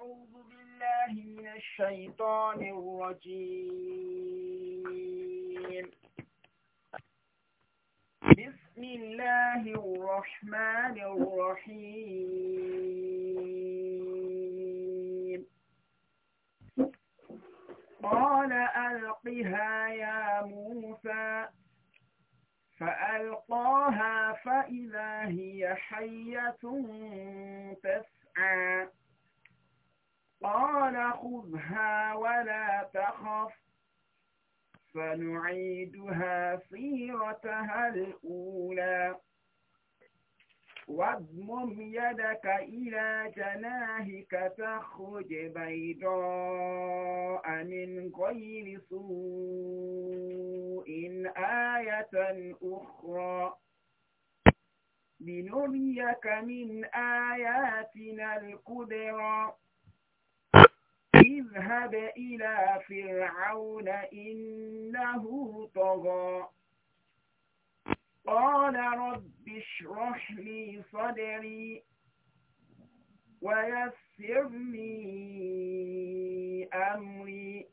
أعوذ بالله من الشيطان الرجيم بسم الله الرحمن الرحيم قال ألقها يا موسى فألقاها فإذا هي حية تسعى قال خذها ولا تخف فنعيدها سيرتها الأولى واضمم يدك إلى جناهك تخرج بيضاء من غير سوء آية أخرى لنريك من آياتنا الكبرى اذهب إلى فرعون إنه طغى قال رب اشرح لي صدري ويسر لي أمري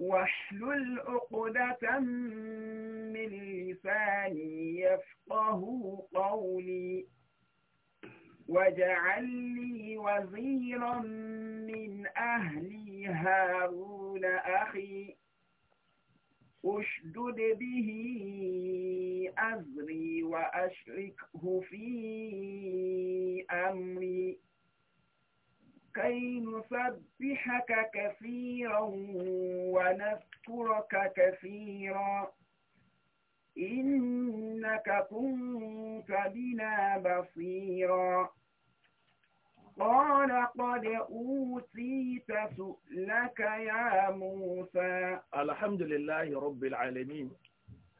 واحلل عقدة من لساني يفقه قولي واجعل لي وزيرا من أهلي هارون أخي أشدد به أزري وأشركه في أمري كي نسبحك كثيرا ونذكرك كثيرا إنك كنت بنا بصيرا قال قد أوتيت سؤلك يا موسى الحمد لله رب العالمين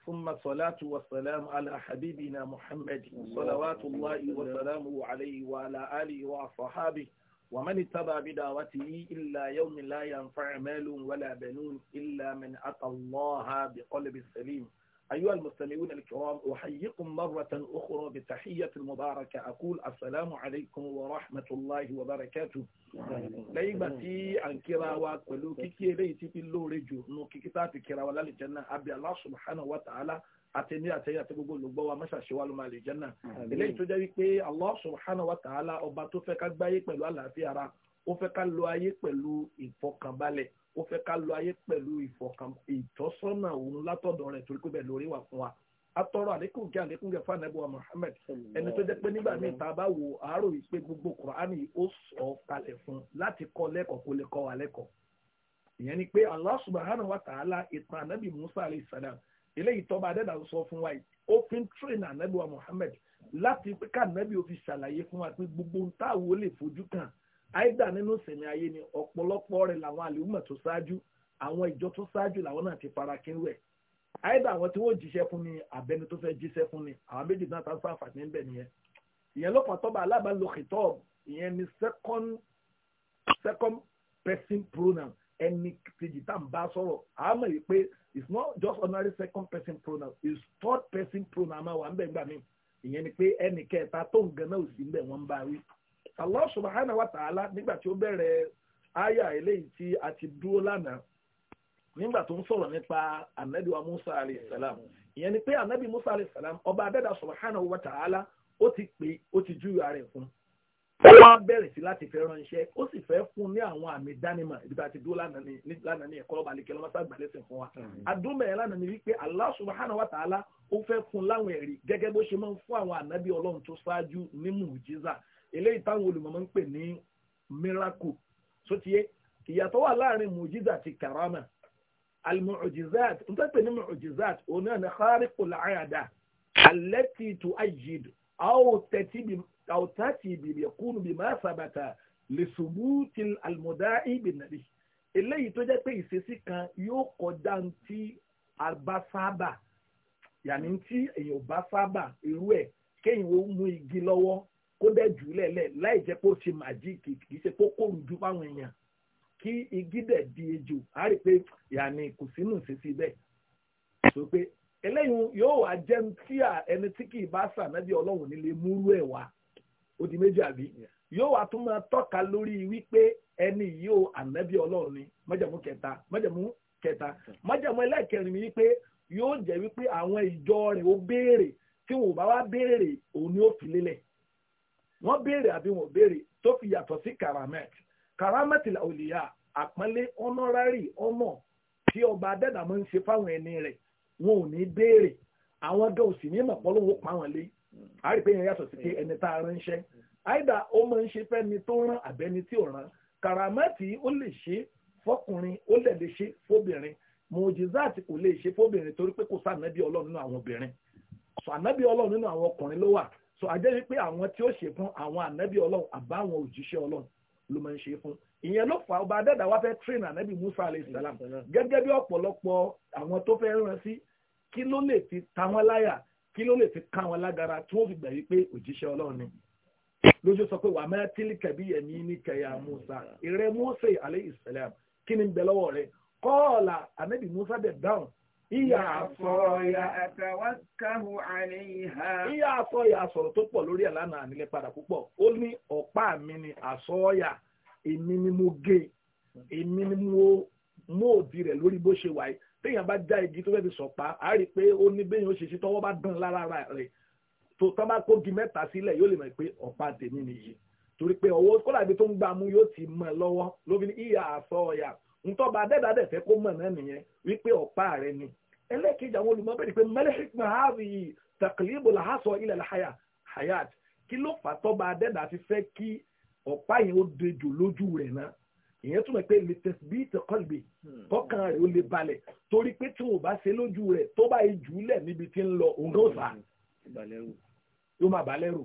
ثم الصلاة والسلام على حبيبنا محمد صلوات الله وسلامه عليه وعلى آله وأصحابه ومن اتبع بدعوته إلا يوم لا ينفع مال ولا بنون إلا من أتى الله بقلب سليم أيها المستمعون الكرام أحييكم مرة أخرى بتحية المباركة أقول السلام عليكم ورحمة الله وبركاته ليبا تي أن وقلو كي كيكي ليتي في اللوريجو نو كتاب تاتي ولا لجنة أبي الله سبحانه وتعالى àtẹ̀ní àtẹ̀yà àti gbogbo olùgbọ́ wa mọ́ṣáṣe wa ló máa lè jẹ́nà eléyìí tó jẹ́ wípé Allah subhanahu wa ta'ala ọba tó fẹ́ ká gbáyé pẹ̀lú àlàáfíà ara ó ó fẹ́ ká lo ayé pẹ̀lú ìfọ̀kàn ìtọ́sọ́nà òun látọ̀dọ̀ rẹ̀ torí pé bẹ́ẹ̀ lórí wà fún wa atọrọ àlékún kí àlékún kẹfà nẹbù wa Muhammad ẹni tó jẹ́ pé nígbà míì tá bá wo àárò yìí pé gbogbo Kùránì ó sọ kalẹ̀ fún láti kọ́ lẹ́kọ̀ọ́ kó lè kọ́ wa lẹ́kọ̀ọ́ ìyẹn ni pé Allah subhanahu wa ta'ala ìtàn ànábì Musa alayhi salam eléyìí tọ́ba adẹ́dà ń sọ fún wa yìí train ànábì wa Muhammad láti pé ká ànábì ó fi ṣàlàyé fún wa pé gbogbo ń táwo lè fojú kàn àìdá nínú sẹ̀mí ayé ni ọ̀pọ̀lọpọ̀ rẹ̀ làwọn àlùmọ̀ tó ṣáájú àwọn ìjọ tó ṣáájú làwọn náà ti fara kí rẹ̀ àìdá àwọn tí wọ́n jíṣẹ́ fún ni àbẹni tó fẹ́ jíṣẹ́ fún ni àwọn méjì náà tán sáǹfààní ń bẹ̀ nìyẹn ìyẹn ló pàtó bá alábàálò kìtọ́ọ̀ ìyẹn ni second second person pronoun ẹni kejì tá à ń bá sọ̀rọ̀ àmọ́ yìí pé it's not just ordinary second person pronoun it's third person pronoun máa wà ń bẹ̀ gbà mí ìyẹn ni pé ẹnì kẹta tó ń gan náà ò sí ń wọ́n ń bá wí Allah subhanahu wa ta'ala nígbà tí ó bẹ̀rẹ̀ àyà eléyìí tí a ti dúró lánàá nígbà tó ń sọ̀rọ̀ nípa anabi wa musa alayhi salam ìyẹn ni pé anabi musa alayhi salam ọba adẹ́dà subhanahu wa ta'ala ó ti pè ó ti júwe ara ẹ̀ fún ó wá bẹ̀rẹ̀ sí láti fẹ́ ránṣẹ́ ó sì fẹ́ fún ní àwọn àmì ìdánimọ̀ ibi tá a ti dúró lánàá ní ẹ̀kọ́ ọba àlekẹ́ lọ́mọ́sá gbàlẹ́sẹ̀ fún wa. àdúmẹ̀ lánàá ni wípé Allah subhanahu wa ó fẹ́ fún láwọn ẹ̀rí gẹ́gẹ́ bó ṣe máa ń fún àwọn ànábì ọlọ́run tó ṣáájú ní mùjíza eléyìí táwọn olùmọ̀mọ́ ń pè ní miracle sotiye ìyàtọ̀ wà láàrin mujiza àti karama almujizat n tẹ́ pè ní mujizat òun náà ní khariqul aada allati tu'ayyid aw tati bi yakunu bi ma sabata li thubuti almudai bin nabi eléyìí tó jẹ́ pé ìṣesí kan yóò kọjá ntí àbáfábà yàní ntí èèyàn bá fábà irú ẹ̀ kéèyàn ó mú igi lọ́wọ́ kó dẹ̀ jù lẹ́lẹ̀ láì jẹ́ pé ó ṣe màjíìkì kì í ṣe pé kó rùjú fáwọn èèyàn kí igi dẹ̀ di ejò á rí i pé yàní kò sínú sísí bẹ́ẹ̀ sọ pé eléyìí yóò wá jẹ́ tí ẹni tí kì í bá sànábì ọlọ́run nílé múrú ẹ̀ wá ó di méjì àbí yóò wá tún máa tọ́ka lórí wípé ẹni yìí ó ànábì ọlọ́run ni májẹ̀mú kẹta májẹ̀mú kẹta májẹ̀mú ẹlẹ́kẹrin ni wípé yóò jẹ́ wípé àwọn ìjọ rẹ̀ ó béèrè tí wọn ò bá wá béèrè òun ni ó fi lélẹ̀ wọ́n béèrè àbí wọ́n béèrè tó fi yàtọ̀ sí karamet karamet làwòlíyà àpọ́nlé ọ̀nọ́rárì ọmọ tí ọba adẹ́dà máa ń ṣe fáwọn ẹni rẹ̀ wọn ò ní béèrè àwọn dọ̀ sì ní mọ̀pọ́lọ́wọ́ pa wọn lé a rí pé yẹn yàtọ̀ sí pé ẹni tá a ránṣẹ́ àìdá ó máa ń ṣe fẹ́ni tó rán àbẹ́ni tí ò rán karamẹ́tì ó lè ṣe fọkùnrin ó lè lè ṣe fóbìnrin mojizati kò lè ṣe fóbìnrin torí pé kò sí so àjẹ́ wípé àwọn tí ó ṣe fún àwọn ànábì ọlọ́run àbáwọn òjíṣẹ́ ọlọ́run ló máa ń ṣe fún ìyẹn ló fà ọba adẹ́dà wá fẹ́ train ànábì musa alayhi salam gẹ́gẹ́ bí ọ̀pọ̀lọpọ̀ àwọn tó fẹ́ rán sí kí ló lè fi ta wọn láyà kí ló lè fi ká wọn lágara tí wọ́n fi gbà wípé òjíṣẹ́ ọlọ́run ni lójú sọ pé wà á máa tílì kẹ̀bí yẹ̀mí ní kẹyà musa ìrẹ́ musa alayhi kí ni ń lọ́wọ́ rẹ̀ kọ́ọ̀là ànábì musa dẹ̀ dáhùn Ìyá àsọ̀yà àtàwákàhù àníhà. Ìyá àsọ̀yà àsọ̀rọ̀ tó pọ̀ lórí àlànà ànílẹ̀ padà púpọ̀. Ó ní ọ̀pá mi ni àsọ̀yà èmi ni mo gé èmi ni mo mú òdì rẹ̀ lórí bó ṣe wáyé. Téèyàn bá já igi tó fẹ́ fi sọ̀pá, á rí i pé ó ní béèyàn ó ṣe sí tọ́wọ́ bá dán lára rẹ̀. Tó tán bá kógi mẹ́ta sílẹ̀ yóò lè mọ̀ pé ọ̀pá tèmi nìyí. Torí pé ọwọ́ kó ntọ́ba adẹ́dàdẹ́ fẹ́ kó mọ̀ náà nìyẹn wípé ọ̀pá rẹ ni ẹlẹ́kejì àwọn olùmọ̀ bẹ̀rẹ̀ pé mẹ́lẹ́hìkmà hàbì tàkìlìbò làhásọ ilẹ̀ làhàyà hayat kí ló fà tọ́ba adẹ́dà fi fẹ́ kí ọ̀pá yẹn ó dejò lójú rẹ̀ náà ìyẹn túmọ̀ pé latest bíi tẹ̀kọ́lùbì kọ́kàn rẹ̀ ó lè balẹ̀ torí pé tí wọn ò bá ṣe lójú rẹ̀ tó bá yẹ jù lẹ̀ níbi tí ń lọ òun náà hmm. yóò máa balẹ̀ rò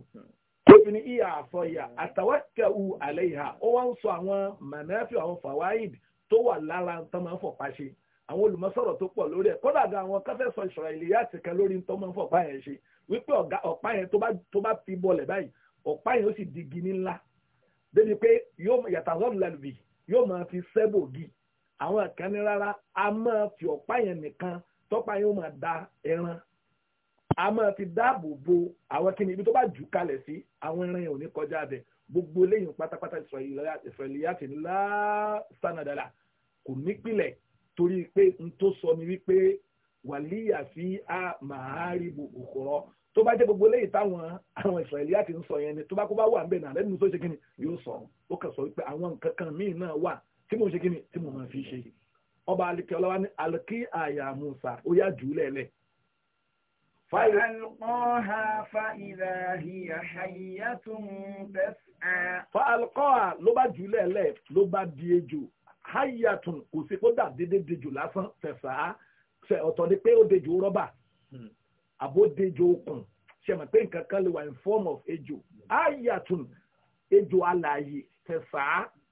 tóbi hmm. ní ìyá àfọyà àtàwákẹ́wù àlẹ́ ìhà ó wá ń sọ àwọn mànáfíà àwọn fàwáìdì tó wà lára tán máa ń fọ̀pá ṣe àwọn olùmọ̀sọ̀rọ̀ tó pọ̀ lórí ẹ̀ kódà gan àwọn kan fẹ́ sọ ìsọ̀rọ̀lì yàtì kan lórí tó máa ń fọ̀pá yẹn ṣe wípé ọ̀pá yẹn tó bá fi bọlẹ̀ báyìí ọ̀pá yẹn ó sì di gini ńlá débi pé yóò yàtàzọ́ọ̀lù lẹ́lùbì yóò máa fi sẹ́bògì àwọn kan ní rárá a máa fi ọ̀pá yẹn nìkan tọ́pá yẹn ó máa da ẹran a máa fi dáàbò bo àwọn kíni ibi tó bá jù kalẹ̀ sí àwọn ẹran yẹn ò ní kọjá bẹ̀ gbogbo lẹ́yìn pátápátá ìsọ̀rọ̀lì yàtì ńlá sanadala kò nípìlẹ̀ torí pé n tó sọ ni wípé wàlíyà fi a màárìbù òkúrọ́ tó bá jẹ́ gbogbo léyìí táwọn àwọn ìsọ̀rẹ̀lì àti ń sọ yẹn ni tó bá kó bá wà ń bẹ̀ náà lẹ́nu tó ṣe kí ni yóò sọ ó kàn sọ wípé àwọn nǹkan kan míì náà wà tí mo ṣe kí ni tí mo máa fi ṣe ọba alikẹ ọlọ́wà ní alikí àyà musa ó yá jù ú lẹ́lẹ̀. fàlùkọ́hà fàìlà ló bá jù ú lẹ́lẹ̀ ló bá di ejò hayatun kò sí kó dà dédé dejò lásán fẹ̀sà ọ̀tọ̀ ni pé ó dejò rọ́bà hmm. àbó dejò okùn ṣe mọ̀ pé nǹkan kan lè wà in form of ejò hayatun ejò alààyè fẹ̀sà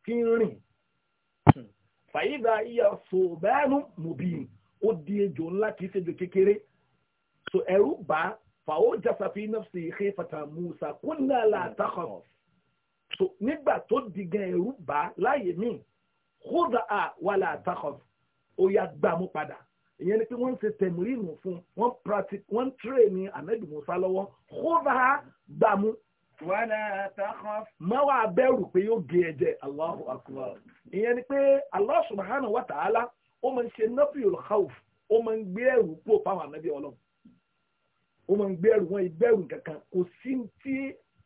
tí ń rìn fàyídà iyà sòbẹ́ẹ̀nù mòbíyìn ó di ejò ńlá kìí ṣe ejò kékeré so ẹ̀rù bá fàwọ́jàsá fi nafsi khifata Musa kúnlẹ̀ la takhaf hmm. so nígbà tó di gan ẹ̀rù bá láyé míì kódà á wàlà àtàkọ́ ó yá gbà mú padà ìyẹn ni pé wọ́n ń ṣe tẹ̀mírìnù fún wọ́n practice wọ́n train ní ahmed musa lọ́wọ́ kódà á gbà mú. wàlà àtàkọ́. má wàá bẹ̀rù pé yóò gé ẹ̀jẹ̀ Allahu akbar ìyẹn ni pé Allah subhanahu wa ta'ala ó máa ń ṣe nafiyul khawf ó máa ń gbé ẹ̀rù pò fáwọn ànábì ọlọ́run ó máa ń gbé ẹ̀rù wọn ìgbẹ́rù kankan kò sí ti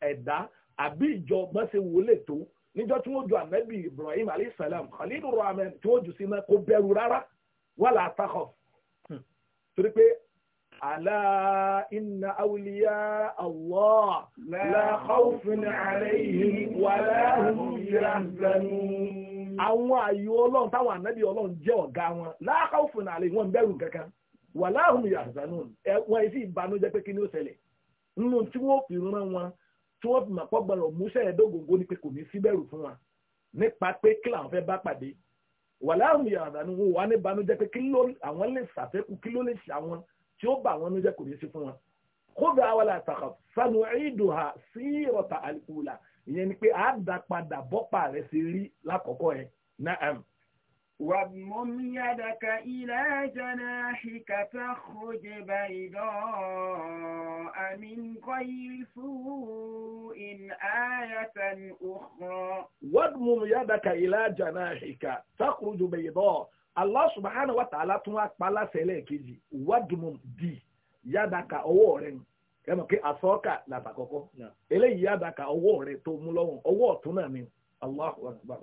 ẹ̀dá àbí ìjọ bá ṣe wọlé tó níjọ́ tí wọ́n ju ànábì Ibrahim alayhisalam khalilu rahman tí wọ́n jù sí náà kò bẹ̀rù rárá wala takhaf hmm. torí pé ala inna awliya Allah la khawfun alayhim wala hum yahzanun àwọn ààyò ọlọ́run táwọn ànábì ọlọ́run jẹ́ ọ̀gá wọn la khawfun alayhim wọn bẹ̀rù kankan wala hum yahzanun wọn èsì ìbànújẹ́ pé kí ni ó ṣẹlẹ̀ nínú tí wọ́n fi rán wọn tí wọ́n fi mọ̀ pọ́ gbọ́dọ̀ múṣẹ́ ẹ̀dógógó ni pé kò ní síbẹ̀rù fún wa nípa pé kí làwọn fẹ́ bá pàdé wà láàrùn yàrá ni wọn wà ní banújẹ́ pé kí ló àwọn lè ṣàfẹ́kù kí ló lè ṣe àwọn tí ó bá àwọn nínú jẹ́ kò ní sí fún wa kódà àwọn àtàkà sanu ìdùn ha sí ìrọ̀tà àlùkò la ìyẹn ni pé àádápadà bọ́pà rẹ̀ ṣe rí lákọ̀ọ́kọ́ ẹ̀ náà واضمم يدك إلى جناحك تخرج بيضاء من غير سوء آية أخرى واضمم يدك إلى جناحك تخرج بيضاء Allah subhanahu wa ta'ala tún wá pa lásẹ̀lẹ̀ kejì wádùmùm di yádàkà ọwọ́ rẹ̀ ẹ mọ̀ pé àsọ́ọ̀kà làtàkọ́kọ́ eléyìí yádàkà ọwọ́ rẹ̀ tó mú lọ́wọ́ ọwọ́ ọ̀tún náà ni Allahu akbar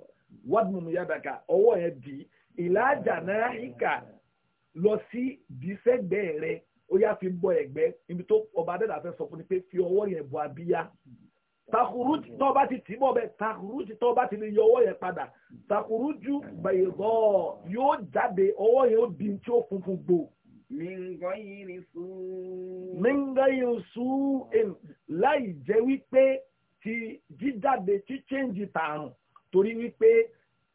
wọ́dùnmù yàdàkà ọwọ́ yẹn dì í ìlàjà náà ìkà lọ sí bísẹ́gbẹ́ rẹ ó yá fi bọ ẹ̀gbẹ́ ibi tó ọba adẹ́dà fẹ́ sọ fún ni pé fi ọwọ́ yẹn bọ abíyá takuru tó ti tì bọ̀ bẹ́ẹ̀ takuru tó bá ti lè yọ ọwọ́ yẹn padà takuru ju bẹ̀yẹ̀gọ́ yóò jáde ọwọ́ yẹn ó di tí ó funfun gbò. mingayin láì jẹ́ wípé ti jíjáde tí chẹ́ǹjì tààrùn torí wípé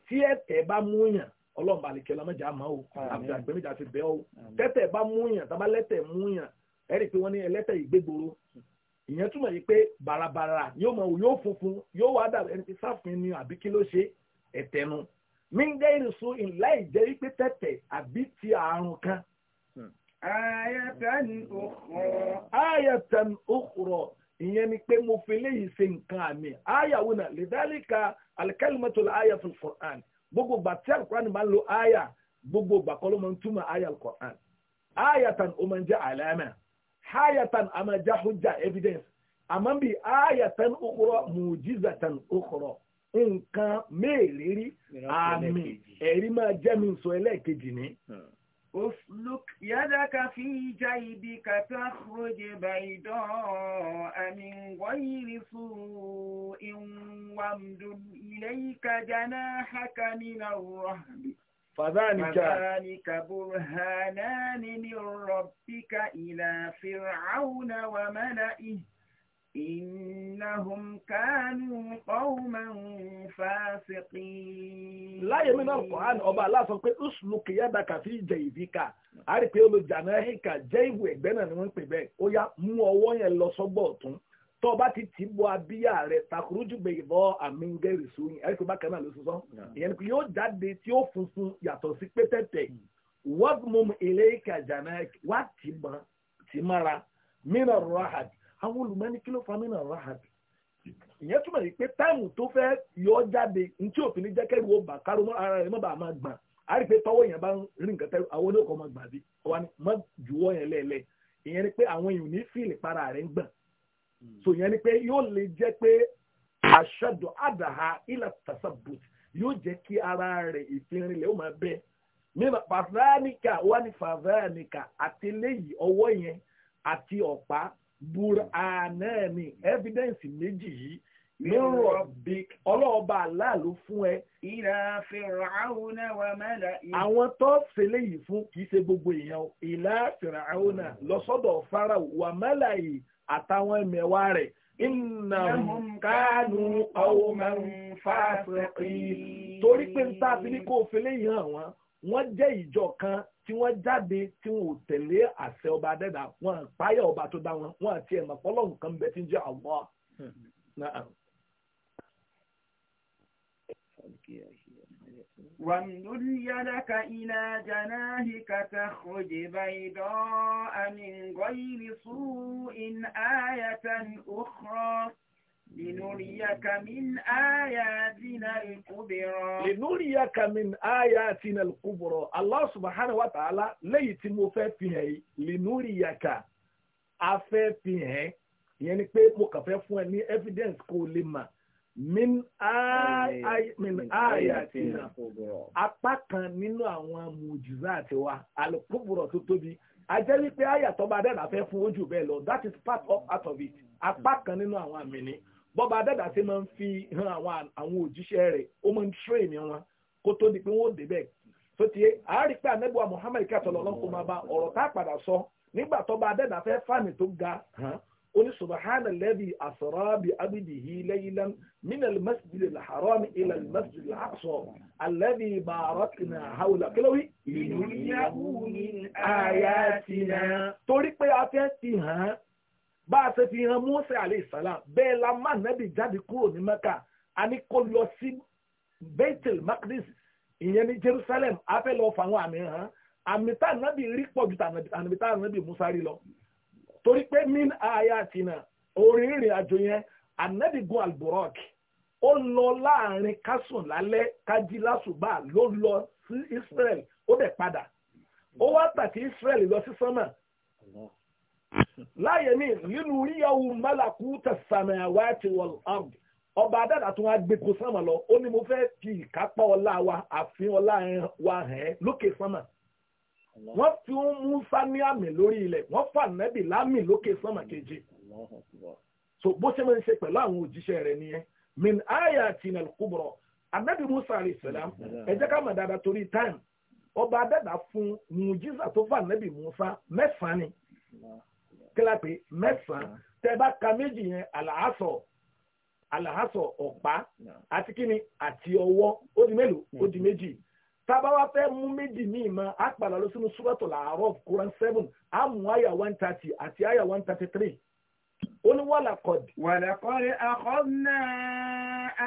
tí ẹ̀tẹ̀ bá múyàn ọlọ́run bá lè kí ọlọ́mọjà máa o àbùdá àgbẹ̀míjà ti bẹ́ o tẹ́tẹ̀ bá múyàn tábà lẹ́tẹ̀ múyàn ẹ̀rí pé wọ́n ní ẹlẹ́tẹ̀ ìgbégboro ìyẹn túmọ̀ yìí pé bàràbàrà yóò mọ̀ yóò funfun yóò wá dàbí ẹni sáfin ni àbí kí ló ṣe ẹ̀tẹ̀ nu míngẹ́ ìrìnsù ìláì jẹ́ wípé tẹ́tẹ̀ àbí ti àrùn kan. Hmm. ayatan ukhra. ayatan ukhra ìyẹn ni pé mo fi léyìí ṣe nǹkan àmì àyà wo náà lidhalika alikalimatu àyà fún Qur'an gbogbo gbà tí alukur'an máa ń lo àyà gbogbo gbà kọ́ ló máa ń túmọ̀ àyà alukur'an àyà tan ó máa ń jẹ́ àlàmà àyà tan a máa jẹ́ hujja evidence àmọ́ bí àyà tan ukhra mujiza tan ukhra nǹkan mẹ́ẹ̀ẹ́rẹ́rí àmì ẹ̀rí máa jẹ́ mi sọ ẹlẹ́ẹ̀kejì ni. Hmm. أسلك يدك في جيبك تخرج بيضاء من غير سوء وامدد إليك جناحك من الرهب فذلك, فذلك برهانان من ربك إلى فرعون وملئه إنهم كانوا قوما فاسقين láyé mi náà Kùránì ọba aláṣọ pé usluk yadaka fi jaybika a rí pé olùjànà ẹ̀ka jẹ́ ìwé ẹ̀gbẹ́ náà ni wọ́n ń pè bẹ́ẹ̀ ó yá mú ọwọ́ yẹn lọ sọ́gbọ̀ ọ̀tún tó o bá ti tì í bọ abíyá rẹ̀ takurujú bẹ̀ ìbọn àmì gẹ̀rì sóyún ẹ̀rí pé bákan náà ló sọ sọ́n ìyẹn ni yóò jáde àwọn olùmọ́ni kí ló fa mí náà ráhàbì ìyẹn túmọ̀ yìí pé táìmù tó fẹ́ yọ jáde ní tí òfin jẹ́ kẹ́rù bà kárò mọ́ ara rẹ̀ mọ́ bàá máa gbà á rí i pé tọ́wọ́ yẹn bá ń rí nǹkan àwọn máa gbà bí para rẹ̀ hmm. so ìyẹn ni pé yóò lè jẹ́ pé àdàhà ilà tasabut ara rẹ̀ ìfinrinlẹ̀ ó máa mímọ ní ọwọ́ yẹn burhanani evidence méjì yìí lọ́rọ̀ bí ọlọ́ọ̀ba àlá ló fún ẹ. ìrà fìràhùnà wà mẹ́lá. àwọn tó ṣẹlẹ̀ yìí fún kì í ṣe gbogbo èèyàn ìlà fìràhùnà lọ sọ́dọ̀ fara wà mẹ́lá yìí àtàwọn ẹ̀mẹ̀wá rẹ̀. Innahum kanu qawman fasiqin. Torí pé ń tá a fi ní kó o fi léyìn àwọn, wọ́n jẹ́ ìjọ kan tí wọ́n jáde tí wọn ò tẹ̀lé àṣẹ ọba adẹ́dà wọn àpáyà ọba tó dá wọn wọn àti ẹ̀mọ̀ pọ́lọ́hùn kan bẹ tí ń jẹ́ Allah. وامدد يدك إلى جناحك تخرج بيضاء من غير سوء آية أخرى لنريك من آياتنا الكبرى لنريك من آياتنا الكبرى الله سبحانه وتعالى léyìí mo fẹ́ fi hàn yìí لنريك a fẹ́ fi hàn ìyẹn ni pé mo kàn fẹ́ fún ẹ ní evidence kó lè mà min ayatina apá kan nínú àwọn mùjìzá tiwa alukuburo tó tóbi a jẹ́ wípé àyà tó bá dẹ́nà fẹ́ fún ojú bẹ́ẹ̀ lọ that is part of out of it apá kan nínú àwọn àmì ni bọ́ba adẹ́dà ṣe máa ń fi hàn àwọn àwọn òjíṣẹ́ rẹ̀ ó máa ń train wọn kó tó di pé wọ́n ó débẹ̀ tó ti yé àárí pé anábíwá Muhammad kẹtọ̀lọ́ lọ́kọ́ máa bá ọ̀rọ̀ tá a padà sọ nígbà tọ́ba adẹ́dà fẹ́ fàmì tó ga ó ní subahana lẹ́bi asọ́rọ́ abidihi lẹ́yìnlẹ́m minal masjid al-haram masjid al alẹ́bi barakna hawla kílówì. ìlú yahoo ni àyà ti torí pé a fẹ́ ti hàn bá a ṣe fi hàn mọ́sẹ̀ àlẹ́sàlá bẹ́ẹ̀ la má nẹ́bì jáde kúrò ní mẹ́ka a ní kó lọ sí bethel makdis ìyẹn ní jerusalem a fẹ́ lọ fàwọn àmì hàn àmì tá ànábì rí pọ̀ ju àmì tá ànábì musa rí lọ torí pé min aya àti nà orin ìrìn àjò yẹn ànábì gun alburok ó lọ láàrin kásùn lálẹ́ kájí lásùbà ló lọ sí israel ó dẹ̀ padà ó wá tàkì israel lọ sí sánmà láyé ní nínú ríyàwó málàkú tẹ̀sánà àwáàtì wọ̀l ard ọba adára tó wá gbẹ̀kọ́ sánmà lọ ó ní mo fẹ́ fi ìkápá ọlá wa àfin ọlá wa hàn ẹ́ lókè sánmà wọ́n fi ń Musa ní àmì lórí ilẹ̀ wọ́n fà nẹ́bì lámì lókè sánmà keje so bó ṣe máa ń ṣe pẹ̀lú àwọn òjíṣẹ́ rẹ̀ nìyẹn min ayatina al-kubra anabi Musa alayhi salam ẹ jẹ́ ká mọ̀ dáadáa torí time ọba adára fún mujiza tó fà nẹ́bì Musa mẹ́sàn-án ni kílápì mẹ́sàn-án ah. tẹ́ bá ka méjì yẹn àlàásọ̀ àlàásọ̀ ọ̀pá àti kíni àti ọwọ́ ó di mélòó ó di hmm. méjì tábà wá fẹ́ mú méjì míì mọ́ á padà lọ sínú súrọ̀tọ̀ làárọ̀ Quran seven á mú àyà one thirty àti àyà one thirty three ó ní wàlàkọ̀dì. wàlàkọ̀dì àkọ́nà.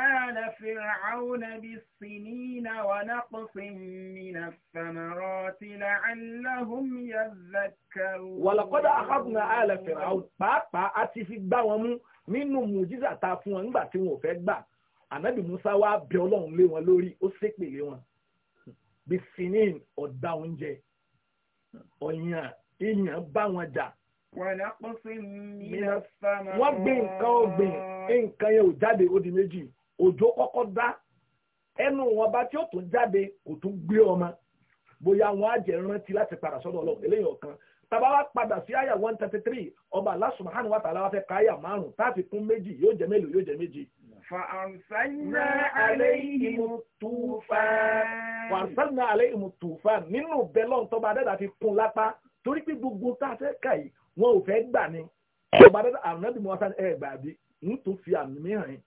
آل فرعون بالسنين ونقص من الثمرات لعلهم يذكرون ولقد أخذنا آل فرعون pàápàá a ti fi gbá wọn mú nínú mùjíza tá a fún wọn nígbà tí wọn ò fẹ́ gbà ànábì Musa wá bẹ Ọlọ́run lé wọn lórí ó ṣépèlé wọn bisinin ọ̀dà oúnjẹ ọ̀yàn ìyàn bá wọn jà wọ́n gbé nǹkan ọ̀gbìn nǹkan yẹn ò jáde ó di méjì òjò kọ́kọ́ dá ẹnu wọn bá tí ó tún jáde kò tún gbé ọmọ bóyá wọn á jẹ rántí láti padà sọ́dọ̀ Ọlọ́run eléyìí ọ̀kan tàbá padà sí àyà one thirty three ọba Allah subhanahu wa ta'ala wá fẹ́ márùn táàfin kún méjì yóò jẹ mélòó yóò jẹ méjì. fàǹsánná alayhimu tufan. fàǹsánná alayhimu tufan nínú bẹ́lọ̀ tọ́ba adẹ́dà fi kún lápá torí pé gbogbo tá kà yìí wọn ò fẹ́ gbà ni. ọba adẹ́dà àrùn náà bí mo wá sáré ẹ̀ gbà bí n tún fi àmì mìíràn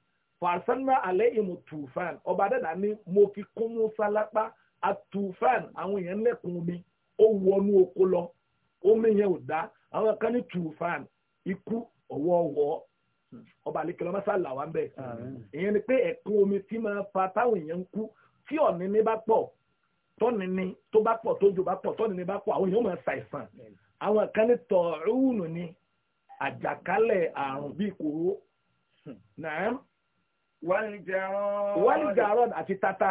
fàṣánná alẹ́ ìmù tùfán ọba dẹ́dà ní mo fi kún musa lápá àtùfán àwọn èèyàn lẹ́kùn omi ó wọnú oko lọ omi yẹn ò dá àwọn kan ní tùfán ikú ọ̀wọ́ọ̀wọ́ ọba àlekèlè ọmọ sá làwọn bẹ ìyẹn ni pé ẹ̀kún omi tí máa fa táwọn èèyàn ń kú tí ọ̀nìní bá pọ̀ tọ́nìní tó bá pọ̀ tójò bá pọ̀ tọ́nìní bá pọ̀ àwọn èèyàn máa ṣàìsàn àwọn kan ní tọ̀ọ̀rùnù ni àjàkálẹ̀ àrùn bíi kòró wálìjàrán àti tata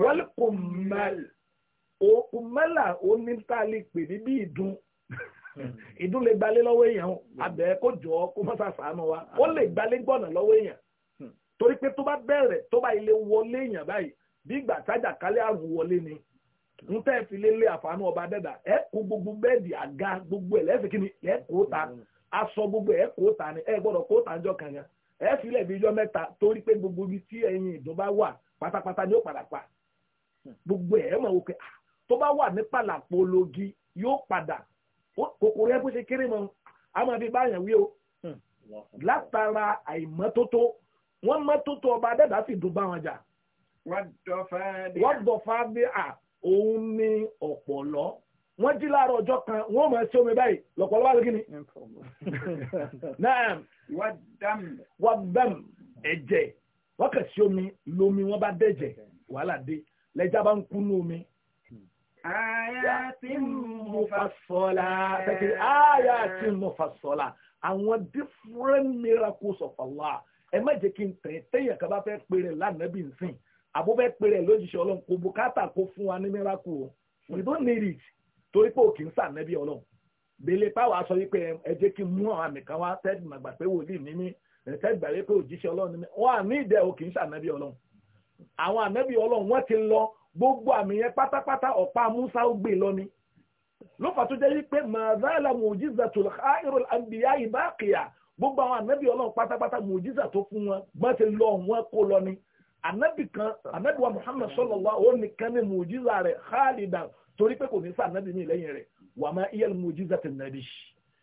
wálìkùnmẹ́lì òkùnmẹ́là ó ní tá a lè pè ní bí ìdun ìdun lè gbalé lọ́wọ́ èèyàn hmm. abẹ́ kó jọ kó má sàṣàánú wa hmm. ó lè gbalé gbọ̀nà lọ́wọ́ èèyàn hmm. torí pé tó bá bẹ̀rẹ̀ tó bá ilé wọlé èèyàn báyìí bí ìgbà tájà kálẹ̀ àrùn wọlé ni n tẹ́ fi lélẹ̀ àfààní ọba dẹ́dà ẹ kó gbogbo bẹ́ẹ̀dì àga gbogbo ẹ̀ lẹ́sìn kí ni ẹ kó ta aṣọ gbogbo ẹ kó ta ni ẹ gbọ́dọ̀ kó ta ń jọ kàn yẹn ẹ filẹ̀ bí ijọ́ mẹ́ta torí pé gbogbo ibi tí ẹyin ìdùn bá wà pátápátá ni ó padà pa gbogbo ẹ̀ ẹ̀ mọ̀ wò pé tó bá wà ní pàlàpọ̀ lógi yóò padà kòkòrò ẹ bó ṣe kéré mọ́ àmọ́ bí báyàn wí o látara àìmọ́tótó wọ́n mọ́tótó ọba adẹ́dá sì dùn bá wọn jà wọ́n dọ̀fà bí à òun ní ọ̀pọ̀lọ́ wọ́n jí láàárọ̀ ọjọ́ kan wọ́n mọ̀ sí omi báyìí lọ́pọ̀lọpọ̀ lókè ni. naam wàdàm ẹ̀jẹ̀ wọ́n kà sí omi lomi wọ́n bá dẹ̀jẹ̀ wàhálà dé lẹ́jà bá ń kú ní omi. ayatin mufasola. ayatin mufasola àwọn different miracles of Allah ẹ má jẹ́ kí n tẹ̀ tẹ́yìn kaba fẹ́ pèrè lánàbí nsìn àbúfẹ́ pèrè lójijì ọlọ́run kò bùkátà kó fún wa ní miracle o we don't need it torí pé òkè ń sànẹ́bí ọlọ́run bẹ́lẹ̀ páwa sọ wípé ẹ jẹ́ kí n mú àwọn àmì kan wá tẹ́ẹ̀dì màgbà pé wòlíì ní mí tẹ́ẹ̀dì gbàgbé pé òjíṣẹ́ ọlọ́run ní mí wọ́n à ní ìdẹ òkè ń sànẹ́bí ọlọ́run àwọn ànẹ́bí ọlọ́run wọ́n ti lọ gbogbo àmì yẹn pátápátá ọ̀pá musa ó gbé lọ ni ló fà tó jẹ́ wípé màdàlà mu'jizatul khairul anbiya baqiya gbogbo àwọn ànẹ́bí ọlọ́run pátápátá mùjíza tó fún wọn gbọ́n ti lọ wọn kó lọ ni ànẹ́bí kan ànẹ́bí wa Muhammad sallallahu ó nìkan ní mùjíza rẹ̀ khalidan torí pé kò ní sáà nábì mi lẹ́yìn rẹ̀ wà má iyẹ́l mujizati nàbì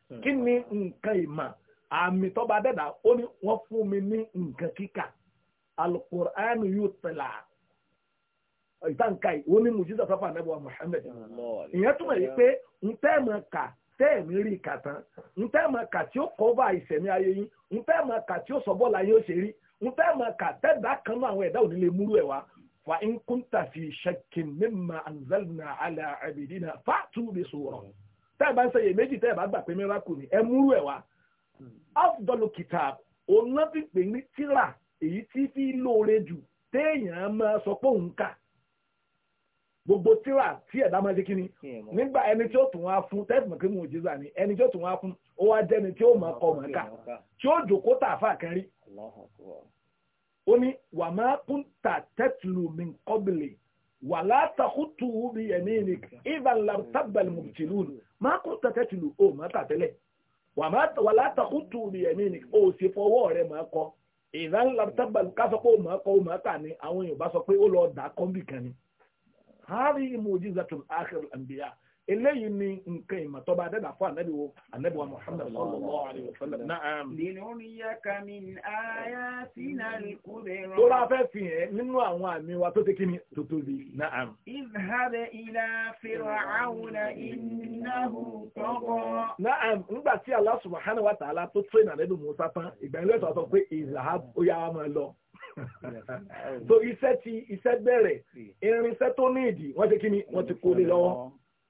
hmm. kí ni nǹkan ìmọ̀ àmì tọ́ba dẹ́dà ó ní wọ́n fún mi ní nǹkan kíkà alukur'an yóò tẹ̀lá ìtànkà yìí ó ní mujiza sáfà nàbì wa Muhammad ìyẹn túmọ̀ yìí pé ntẹ́ẹ̀mọ̀ kà ntẹ́ẹ̀mí rí kà tán ntẹ́ẹ̀mọ̀ kà tí ó kọ́ bá ìsẹ̀mí ayé yín ntẹ́ẹ̀mọ̀ kà tí ó sọ bọ́ọ̀lù ayé ó ṣe rí ntẹ́ẹ̀mọ̀ kà tẹ́ẹ̀dá kan àwọn ẹ̀dá ò lè múrú ẹ̀ wá fa in kunta fi shakkin mimma anzalna ala abidina fatu bi sura tẹ́ ẹ bá ń ṣe iyèméjì tẹ́ ẹ bá gbà pé miracle ni ẹ múrú ẹ wá afdalu kitab òun náà fi pè ní tírà èyí tí fi lóore jù téèyàn máa sọ pé òun kà gbogbo tírà tí ẹ̀dá máa ṣe kíni nígbà ẹni tí ó tún wá fún tẹ́sán kí mo jésù àní ẹni tí ó tún wá fún ó wá jẹ́ni tí ó máa kọ́ máa kà tí ó jòkó tà fà kan rí ó ní wà máa kún tà tẹ́tìlù mi kọ́bìlì wà látàkùtù bí ẹ̀mí ni ìbàlá tábàlì mùtìlù máa kún tà tẹ́tìlù ó máa tà tẹ́lẹ̀ wà látàkùtù bí ẹ̀mí ni ó sì fọwọ́ rẹ̀ máa kọ́ ìdánilá tábàlì káfọ́ pé ó máa kọ́ ó máa tà ní àwọn Yorùbá sọ pé ó lọ dà kọ́ńbì kan ni. hàrí ìmọ̀ òjì zàtùm àǹbíyà eléyìí ni nǹkan ìmọ̀tọ́ba adẹ́dà fún ànábì wo ànábì wa muhammad sallallahu alayhi wa sallam na'am. linuriyaka min ayatina al-kubra. tó bá fẹ́ fi nínú àwọn àmì wa tó ti kí ni tó tóbi ila fir'auna innahu tagha. na'am nígbà tí allah subhanahu wa ta'ala tó ìnàdẹ́dùn tán ìgbà ilé ìtọ́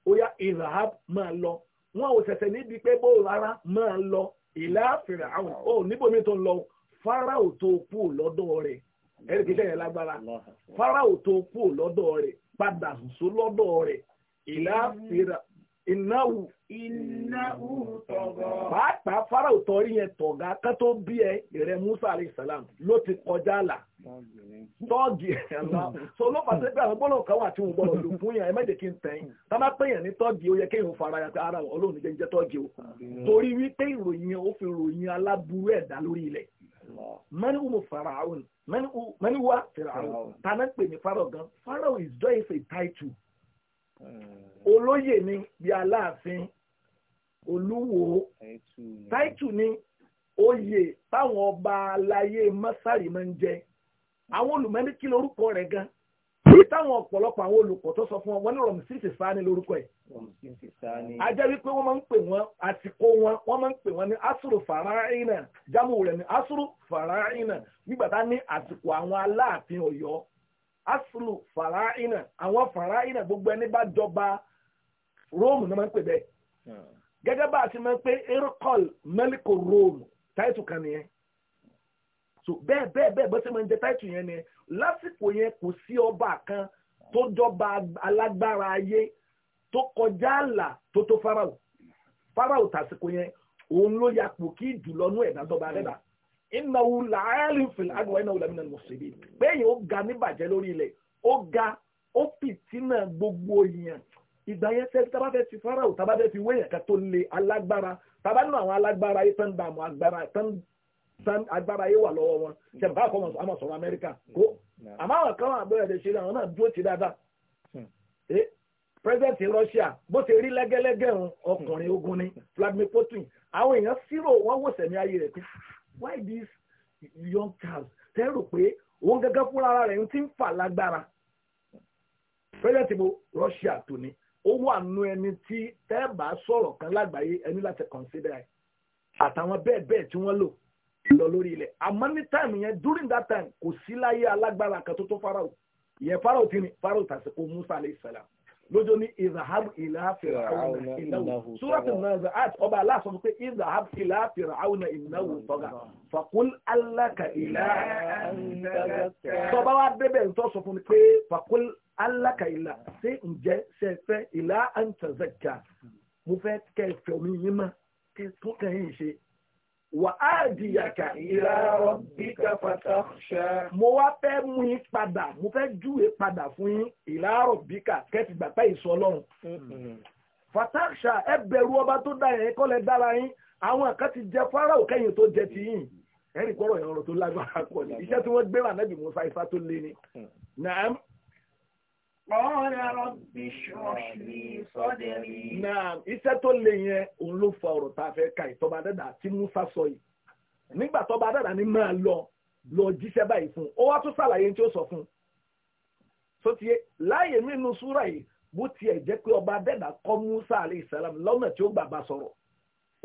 ó yá ìràhab máa lọ wọn ò ṣẹ̀ṣẹ̀ níbi pé bó rárá máa lọ ìlà fìràhàn ó níbòmí tó ń lọ fáráò tó kú lọ́dọ̀ rẹ̀ ẹ̀rí kìí ṣẹ̀yẹ̀ lágbára fáráò tó kú lọ́dọ̀ rẹ̀ padà sọ lọ́dọ̀ rẹ̀ ìlà fìràhàn ìnáwó. ìnáwó tọ̀gọ̀. pàápàá farao tọrí yẹn tọ̀gá ká tó bí ẹ ìrẹ musa aleyhisalaam ló ti kọjá là. tọ́ọ̀gì ẹ̀ lọ so ló fàṣẹ pé àwọn gbọ́dọ̀ kan wà tí wọ́n gbọ́dọ̀ lò fún yẹn ẹ má jẹ́ kí n tẹ̀yìn tá má pè yẹn ní tọ́ọ̀gì ó yẹ kéèyàn fara yàtọ̀ ara ọlọ́run jẹ́ jẹ́ tọ́ọ̀gì o. torí wípé ìròyìn ó fi ròyìn aláburú ẹ̀dá lórí ilẹ̀. mẹ́ni wo farao mẹ́ni wa farao tànà pè ní farao gan farao is olóyè ni bí aláàfin olúwo táìtù ni oyè táwọn ọba aláyé mọ́sárì máa ń jẹ àwọn olùmọ́ni kí lorúkọ rẹ̀ gan èyí táwọn ọ̀pọ̀lọpọ̀ àwọn olùkọ́ tó sọ fún wọn wọn ní rọ̀mùsíìsì sáni lorúkọ ẹ̀. rọ̀mùsíìsì sáni. ajẹ́ wípé wọ́n máa ń pè wọ́n àsìkò wọn wọ́n máa ń pè wọ́n ní asuru faraina jámù rẹ̀ ní asuru faraina nígbà tá ní àsìkò àwọn aláàfin ọ̀yọ́ aslu faraina àwọn faraina gbogbo ẹni bá jọba róòmù náà máa ń pè bẹ́ẹ̀ gẹ́gẹ́ bá a ti máa ń pè ericol mẹ́líkò róòmù táìtù kan nìyẹn so bẹ́ẹ̀ bẹ́ẹ̀ bẹ́ẹ̀ bó ṣe máa ń jẹ táìtù yẹn nìyẹn lásìkò yẹn kò sí ọba kan tó jọba alágbára ayé tó kọjá àlà tó tó farao farao tàsìkò yẹn òun ló yapò kí jùlọ nú ẹ̀dá dọ́ba rẹ̀ dà. Mm iná wù láàárín fìlà àgbà iná wù lámìnà mùsùlùmí pé èyàn ó ga níbàjẹ́ lórí ilẹ̀ ó ga ó pìtínà gbogbo èèyàn ìgbà yẹn fẹ́ tábà fẹ́ fi fara ò tábà fẹ́ fi wéyàn ká tó le alágbára tábà nínú àwọn alágbára yìí tán dààmú agbára tán agbára yìí wà lọ́wọ́ wọn ṣẹ̀bùkà kọ́ àmọ̀ sọ̀rọ̀ amẹ́ríkà kó àmọ́ àwọn kan àbẹ̀rẹ̀ lè ṣe àwọn náà dúró ti dáadáa hmm. president russia bó ṣe rí lẹ́gẹ́lẹ́gẹ́ ọkùnrin ogun ni vladimir putin àwọn èèyàn sírò wọ́n wò sẹ̀mí ayé rẹ̀ pé why this young child tẹ́ rò pé òun gẹ́gẹ́ fúnra ara rẹ̀ ti ń fà lágbára president Russia tó ní ó wà nù ẹni tí tẹ́ bá sọ̀rọ̀ kan lágbàáyé ẹni láti consider ẹ̀ àtàwọn bẹ́ẹ̀ bẹ́ẹ̀ tí wọ́n lò lọ lórí ilẹ̀ àmọ́ ní time yẹn during that time kò sí láyé alágbára kan tó tó Fáráò ìyẹn Fáráò tí ni Fáráò tàṣe kó Musa alayhi salam lójó ní izahab ilá fìràwùnà ìnáwó súrọ́tì nazaat ọba aláàfọ́ fún pé izahab ilá fìràwùnà ìnáwó tọ́gà fàkún aláka ilá tọba wa débẹ̀ ntọ́ sọ fún mi pé fàkún aláka ilá ṣé ǹjẹ́ ṣe fẹ́ ilá mo fẹ́ kẹ́ fẹ́ omi yín mọ́ kí tún kàn yín ṣe wà á di yàkà. ìlà rabbika fatakhsha. mo wá fẹ́ mú yín padà mo fẹ́ júwe padà fún yín ìlà rabbika kẹ́tì gbàgbá ìsọ ọlọ́run. fatakhsha ẹ bẹ̀rù ọba tó dá yẹn kọ́lẹ̀ dára yín àwọn kan ti jẹ fáráò kẹ́yìn tó jẹ ti yín ẹ̀rì kọ́rọ̀ ìrọ̀rọ̀ tó lágbára pọ̀ ní iṣẹ́ tí wọ́n gbé wà nábì Mùsá ifá tó lé ni. Qala rabbi shrah li sadri. Naam, iṣẹ́ tó le yẹn òun ló fa ọ̀rọ̀ tá a fẹ́ ka ìtọ́ba dẹ́dà tí Musa sọ yìí. Nígbà tọ́ba dẹ́dà ni máa lọ lọ jíṣẹ́ báyìí fún un. Ó wá tún ṣàlàyé tí ó sọ fún un. Sotie láàyè nínú súrà yìí bó tiẹ̀ jẹ́ pé ọba dẹ́dà kọ́ Musa alayhi salam lọ́nà tí ó gbà sọ̀rọ̀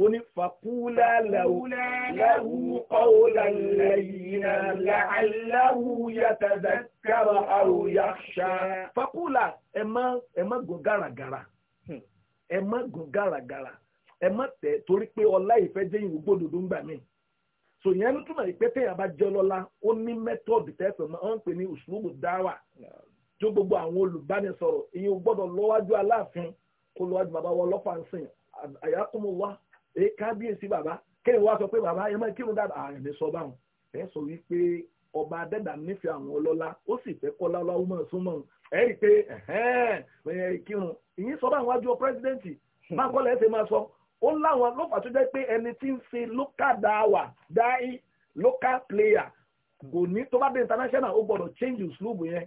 ó ní fàkúlà làwù ọ̀ọ́là lẹ́yìn làálàwù yàtàdà kára àròyà ṣá. fàkúlà ẹ má ẹ má gùn gàràgàrà hmm. ẹ má gùn gàràgàrà ẹ má tẹ̀ torí pé ọlá ìfẹ́ jẹ́ ìwò gbódòdó ń gbà mí. sò yẹn ló pé téèyàn bá jẹ́ ọlọ́lá ó ní mẹ́tọ́ọ̀dù tẹ́sán mọ́ ọ́n ń pè ní uslubu dáwà jó gbogbo àwọn olùbánisọ̀rọ̀ ìyẹn ò gbọ́dọ̀ lọ́wájú aláàfin kó lọ́wájú bàbá wọn lọ́fà ń sìn àyàkùnmọ́ kábíyèsí bàbá baba wá sọ pé bàbá ẹ máa kírun dáadáa ààrẹ ah, ní sọ báwọn ẹ sọ wípé ọba adẹ́dà nífẹ̀ẹ́ àwọn ọlọ́lá ó sì fẹ́ kọ́ lọ́lá ó máa súnmọ́ ẹ rí i pé ẹ kírun ìyín sọ báwọn wájú pírẹsidẹ́ǹtì báńkọ́ lẹ́ẹ̀ ṣe sọ ó láwọn pé ẹni tí ń local dai local player kò ní tó bá dé international ó change yẹn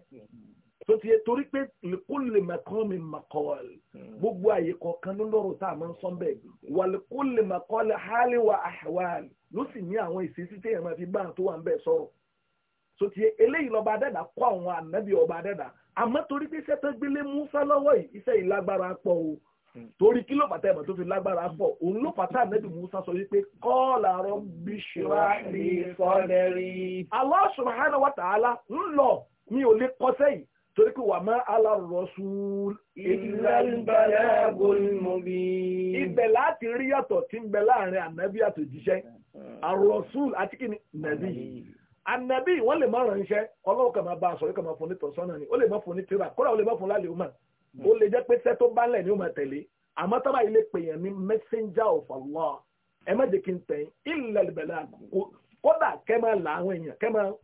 tó ti yẹ torí pé lèkólè mẹkàn mi maqal hmm. gbogbo àyè kọ̀ọ̀kan ló lọ́rùn tá a máa ń sọ bẹ́ẹ̀ wà lèkólè maqal hali wa ahwal ló sì ní àwọn ìṣesí tí èèyàn máa fi gbáhàn tó wà ń bẹ̀ sọ̀rọ̀ tó ti yẹ eléyìí lọ́ba adẹ́dà kọ́ àwọn ànábì ọba adẹ́dà àmọ́ torí pé iṣẹ́ tó gbélé Musa lọ́wọ́ yìí iṣẹ́ yìí lágbára pọ̀ o hmm. torí kí ló pàtà ìmọ̀ tó fi lágbára pọ̀ òun ló pàtà ànábì Musa sọ wípé qala rabbi shrah li sadri Allah subhanahu wa ta'ala ń lọ mi ò lè kọ́ sẹ́yìn torí pé wà má alárọ̀sùn ìlàlùbàlẹ̀ olùmọ̀bí. ibẹ̀ láti rí yàtọ̀ tí ń bẹ láàrin ànábì àtòjíṣẹ́ àrọ̀sùn àti kí ni nàbí ànábì wọ́n lè má ránṣẹ́ ọlọ́wọ́ kà máa bá a sọ̀rọ̀ kà máa fún ní tọ̀sánà ni ó lè má fún ní tírà kódà ó lè má fún lálẹ́ òmà ó lè jẹ́ pé sẹ́ tó bá lẹ̀ ni ó máa tẹ̀lé àmọ́ tábà ilé pèèyàn ní messenger of Allah ẹ má jẹ́ kí n tẹ̀yìn ìlàlùbàlẹ̀ kódà kẹ́ máa là àwọn èèyàn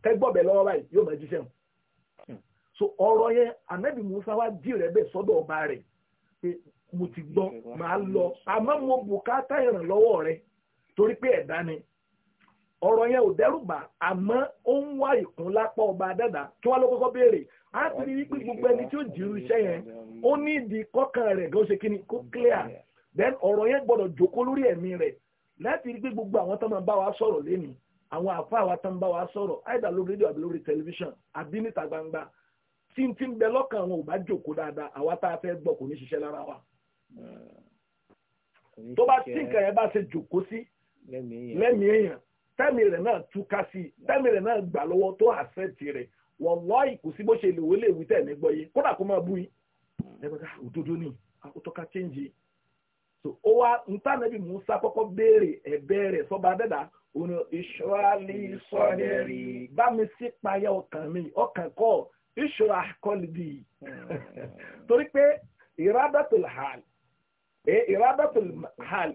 kẹ́ gbọ́bẹ̀ lọ́wọ́ báyìí yóò máa jíṣẹ́ wọn. so ọrọ yẹn anabi musa wa di rẹ̀ ọba rẹ̀ pé mo ti gbọ́ màá lọ àmọ́ mo bùkátà ìrànlọ́wọ́ rẹ̀ torí pé ẹ̀dá ni ọ̀rọ̀ yẹn ò dẹ́rùbà ó ń wá ìkún lápá ọba dada lọ kọ́kọ́ béèrè á ti rí wípé gbogbo ẹni tí ó jìrú iṣẹ́ yẹn ó ní ìdí kọ́kàn rẹ̀ gan ṣe kíni kó clear then ọrọ yẹn gbọdọ jókòó lórí láti rí pé gbogbo àwọn tó máa bá wa lénìí àwọn àfa àwa tó bá wa either lórí gbangba tí n ti ń bẹ lọ́kàn àwọn ò bá jòkó dáadáa àwa tá a fẹ́ gbọ́ kò ní ṣiṣẹ́ lára wa. tó bá tí nǹkan yẹn bá ṣe jòkó sí lẹ́mìí èèyàn tẹ́mi rẹ̀ náà túká sí tẹ́mi rẹ̀ náà gbà lọ́wọ́ tó àṣẹ́tì rẹ̀ wọ́n lọ́ ìkù sí bó ṣe lè wọlé ìwé tẹ̀mí gbọ́ yé kódà kó máa bú yín. lẹ́gbẹ̀ẹ́ òdodo ni àkótó chẹ́ǹjì. so ó wá Musa kọ́kọ́ béèrè rẹ̀ sọ́ba dẹ́dà òun ìṣọ́ra lè ìṣòro àkọlùbí torí pé ìrádàtul hàl ìrádàtul e, hàl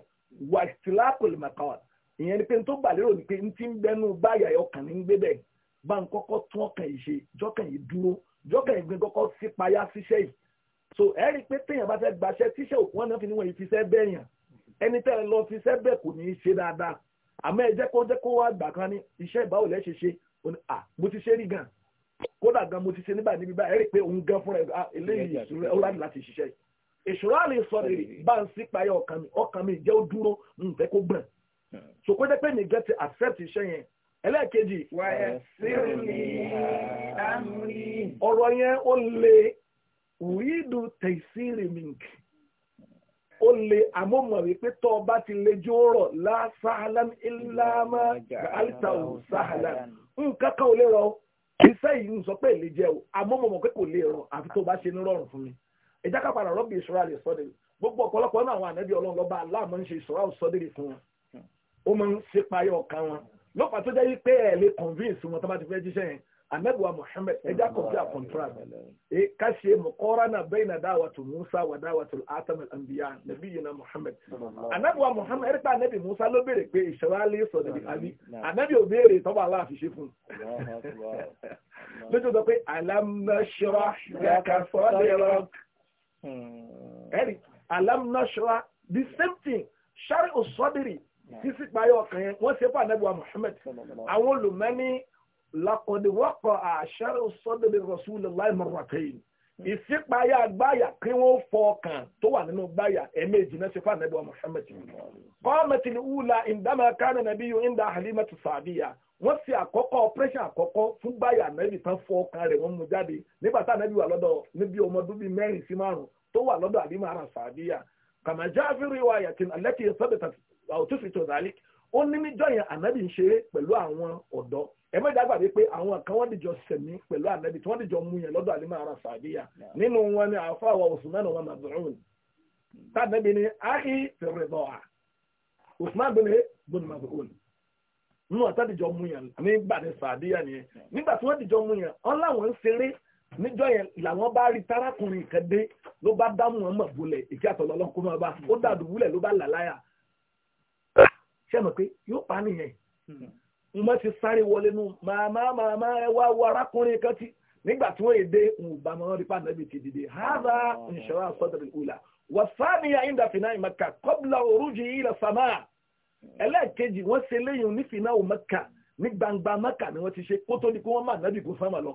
wà ìtìlákùl maqal ìyẹn ni pé tó gbà lérò ni pé n ti ń bẹnu báyà ọkàn ní ń gbé bẹ́ẹ̀ bá ń kọ́kọ́ tún ọkàn yìí ṣe jọ́kàn yìí dúró jọ́kàn yìí gbé kọ́kọ́ sí payá síṣẹ́ yìí so ẹ rí i pé téèyàn bá fẹ́ gbaṣẹ́ tíṣẹ́ òkú wọn náà fi níwọ̀n ìfiṣẹ́ bẹ́ẹ̀yàn ẹni tẹ́ ẹ lọ fiṣẹ́ bẹ́ẹ̀ kò ní í ṣe dáadáa àmọ́ ẹ jẹ́ kó jẹ́ kó wá gbà kan ní iṣẹ́ ìbáwò lẹ́ ṣe ṣe mo ti ṣe rí gan-an kódà gan mo ti ṣe nígbà níbi báyìí rí i pé òun gan fúnra ẹ̀ ah, eléyìí ìṣúra ó láti láti ṣiṣẹ́ ìṣúra lè sọ rèrè bá ń sípayà ọkàn mi ọkàn mi jẹ́ ó dúró nǹkan kó gbọ̀n hmm. so kó jẹ́ pé nìkan ti accept iṣẹ́ yẹn ẹlẹ́ẹ̀kejì ọ̀rọ̀ yẹn ó lè wíìdù tẹ̀síìrì mìnkì ó lè àmọ́mọ̀ wípé tó o bá ti lè jó rọ̀ lásáhálán ìlàmà àlítàwò sáhálán nǹkan kan ò lè rọ̀ ọ́ iṣẹ́ ìlú sọ pé èlé jẹ́ o àmọ́ mọ̀mọ́ pé kò lè rọrùn àfi tó bá ṣe ní rọrùn fún mi ẹ̀já ká padà rọ́bì ìṣúra rẹ̀ sọ́dẹ̀ gbogbo ọ̀pọ̀lọpọ̀ náà àwọn ànábì ọlọ́run lọ́ba aláàmọ́ ń ṣe ìṣúra sọ́dẹ̀ fún wọn ó máa ń ṣe payọ̀ ọ̀kan wọn lọ́pàá tó jẹ́ wípé ẹ̀ lè convince wọn tó bá ti fẹ́ jíṣẹ́ yẹn anabiwa muhammed ẹja kọfí àkọntrat ẹ kàṣe mọkọra náà bẹyìn náà dáwàtú musa wà dáwàtú atamil anbiya nabi yina muhammed anabiwa muhammed ẹrẹ pé anabi musa ló béèrè pé ìṣẹ̀lẹ̀ alẹ sọ níbi àbí anabi ò béèrè tọba aláàfin ṣe fún un lójú tó pé alamnasra yàtọ̀ sọdẹrọ hmm. ẹrí alamnasra the same thing sari osodiri hmm. títí payọ ọkàn yẹn wọn ṣe fún anabiwa muhammed àwọn olùmọ ní lakọ̀dé wọ́pọ̀ àṣàrò sọ́dọ̀dẹ̀ Rasulullah marratayn ìfipáyà gbáyà kí wọ́n fọ ọkàn tó wà nínú gbáyà ẹ̀ẹ́mẹ́jì náà sífà nàbẹ̀wà Muhammad kọ́mẹ̀tì wúlà ìdámà kánà nàbí yóò ń da Halimatu Sa'diya wọ́n fi àkọ́kọ́ pressure àkọ́kọ́ fún gbáyà nàbì tán fọ ọkàn rẹ̀ wọ́n mú jáde nígbà tá nàbì wà lọ́dọ̀ níbi ọmọ dúbí mẹ́rin sí márùn tó wà lọ́dọ̀ Halimatu Sa'diya kàmájá fi riwayatin allati sabatat aw tusbitu dhalik ó ní níjọ́ yẹn ànábì ń ẹ má jágbà wípé àwọn kan wọ́n dìjọ sẹ̀mí pẹ̀lú ànábì tí wọ́n dìjọ mú yẹn lọ́dọ̀ àlímọ̀ ara sàdíyà nínú wọn ni àfa àwọn Usman wọn mazun tàbí ni ahi fèrèdọ́à Usman bin bin mazun nínú ọ̀tá dìjọ mú yẹn nígbà ní sàdíyà nìyẹn nígbà tí wọ́n dìjọ mú yẹn ọ́n láwọn ń ṣeré níjọ́ yẹn làwọn bá rí tarakùnrin kan dé ló bá dá Muhammad bolẹ̀ ìkí àtọ̀lọ́lọ́ kó máa bá ó mo ti sáré wọlé nu màmá màmá ẹ wá wọ arákùnrin kan ti nígbà tí wọ́n èdè ǹgbà mọ́ nípa nàbì ti dìde hàdà ìṣọ́ra sọ́dọ̀rì ìhùlà wàsáàmìyà ìdá fìnà ìmọ̀kà kọ́bùlà òrùjì ilẹ̀ sàmà ẹlẹ́ẹ̀kejì wọ́n ṣe léyìn ní fìnà ní gbangba mọ́kà ni wọ́n ti ṣe kó tó ní kí wọ́n má nàbì gùn sánmà lọ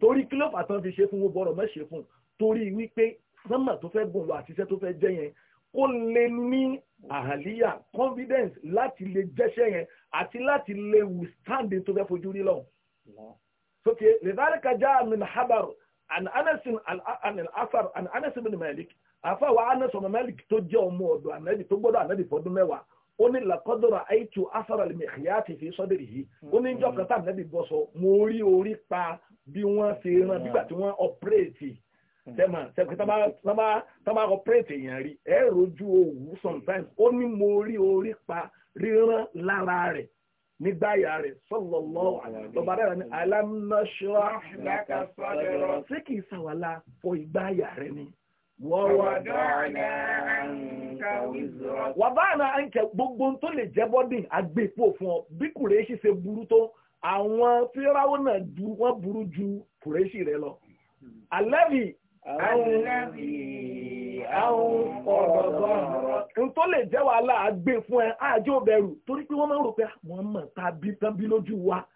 torí kílọ̀fà tán ti ṣe fún wọn bọ̀rọ̀ mọ́ fún torí wípé sánmà tó fẹ́ gùn lọ àtiṣẹ́ tó fẹ́ jẹ́ kó lè ní àhàlíyà confidence láti lè jẹ́ṣẹ́ yẹn àti láti lè withstand tó fẹ́ fojú rí lọ. sókè lidhalika jaa min habar an anas an afar an anas bin malik afa wa anas bin malik tó jẹ́ ọmọ ọ̀dọ̀ anabi tó gbọ́dọ̀ anabi fọdún mẹ́wàá ó ní làkọ́dọ̀rọ̀ àìtú afárá lè mẹ̀kìyàtì fi sọ́dẹ̀rì yìí ó ní jọ́kọ̀tà nẹ́bí bọ́sọ̀ mo rí orí pa bí wọ́n ṣe rán nígbà tí wọ́n ọ̀pẹ́rẹ́tì sẹ́mà tọ́ba ọ̀pẹ́rẹ́tì èèyàn rí ẹ rojú òwú sometimes ó ní mo rí orí pa ríran lára rẹ̀ nígbàyà rẹ̀ sallallahu alaihi tọ́ba rẹ̀ ní alam nashrah laka sadrak ṣé kìí sàwálà fọ ìgbàyà rẹ̀ ni. wàbáàna ànkà gbogbo tó lè jẹ́ bọ́dìn àgbèpò fún ọ bí kùrẹ́ṣì ṣe burú tó àwọn fíráwọ́ náà wọ́n burú ju kùrẹ́ṣì rẹ̀ lọ. alẹ́bí n tó lè jẹ́ wàhálà àgbè e fún ẹ àjẹ́ òbẹ̀rù torí pé wọ́n máa ń rò pé wọ́n mọ̀ tàbí tàbí lójú wa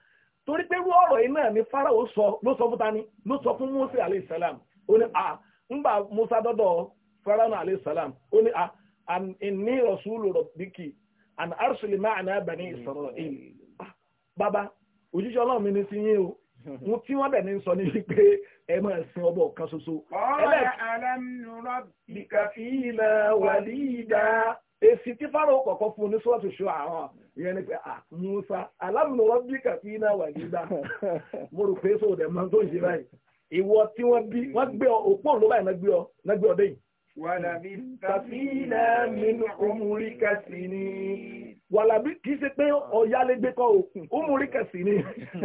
torí pé irú ọ̀rọ̀ ni Fáráò sọ ló sọ fún tani ló sọ fún Mósè salam ó ní a ah, ńgbà Mósè dọ́dọ̀ Fáráò aleyhisselam ó ní a ah, ní an arsili ma'ana bani Isra'il ah, bàbá o mo tí wọ́n bẹ̀ ní sọ ní wípé ẹ máa sin ọbọ̀ kan ṣoṣo. ọ̀rẹ́ alámúra bí ilẹ̀ wàlí ìdá. èsì tí fáwọn kọ̀ọ̀kan fún ní sọ́ọ̀tù ṣọ àwọn ìyẹn ni pé Musa alámúra bí kàfí ilẹ̀ wàlí ìdá. mo rò pé sóòdẹ̀ máa tó ń ṣe báyìí. ìwọ tí wọ́n bí wọ́n gbé ọ òpó ló báyìí náà gbé ọ náà gbé ọ wàlàbí kì í ṣe pé ọ̀yálégbé kọ́ òkun ó mú ríkẹ̀sì ni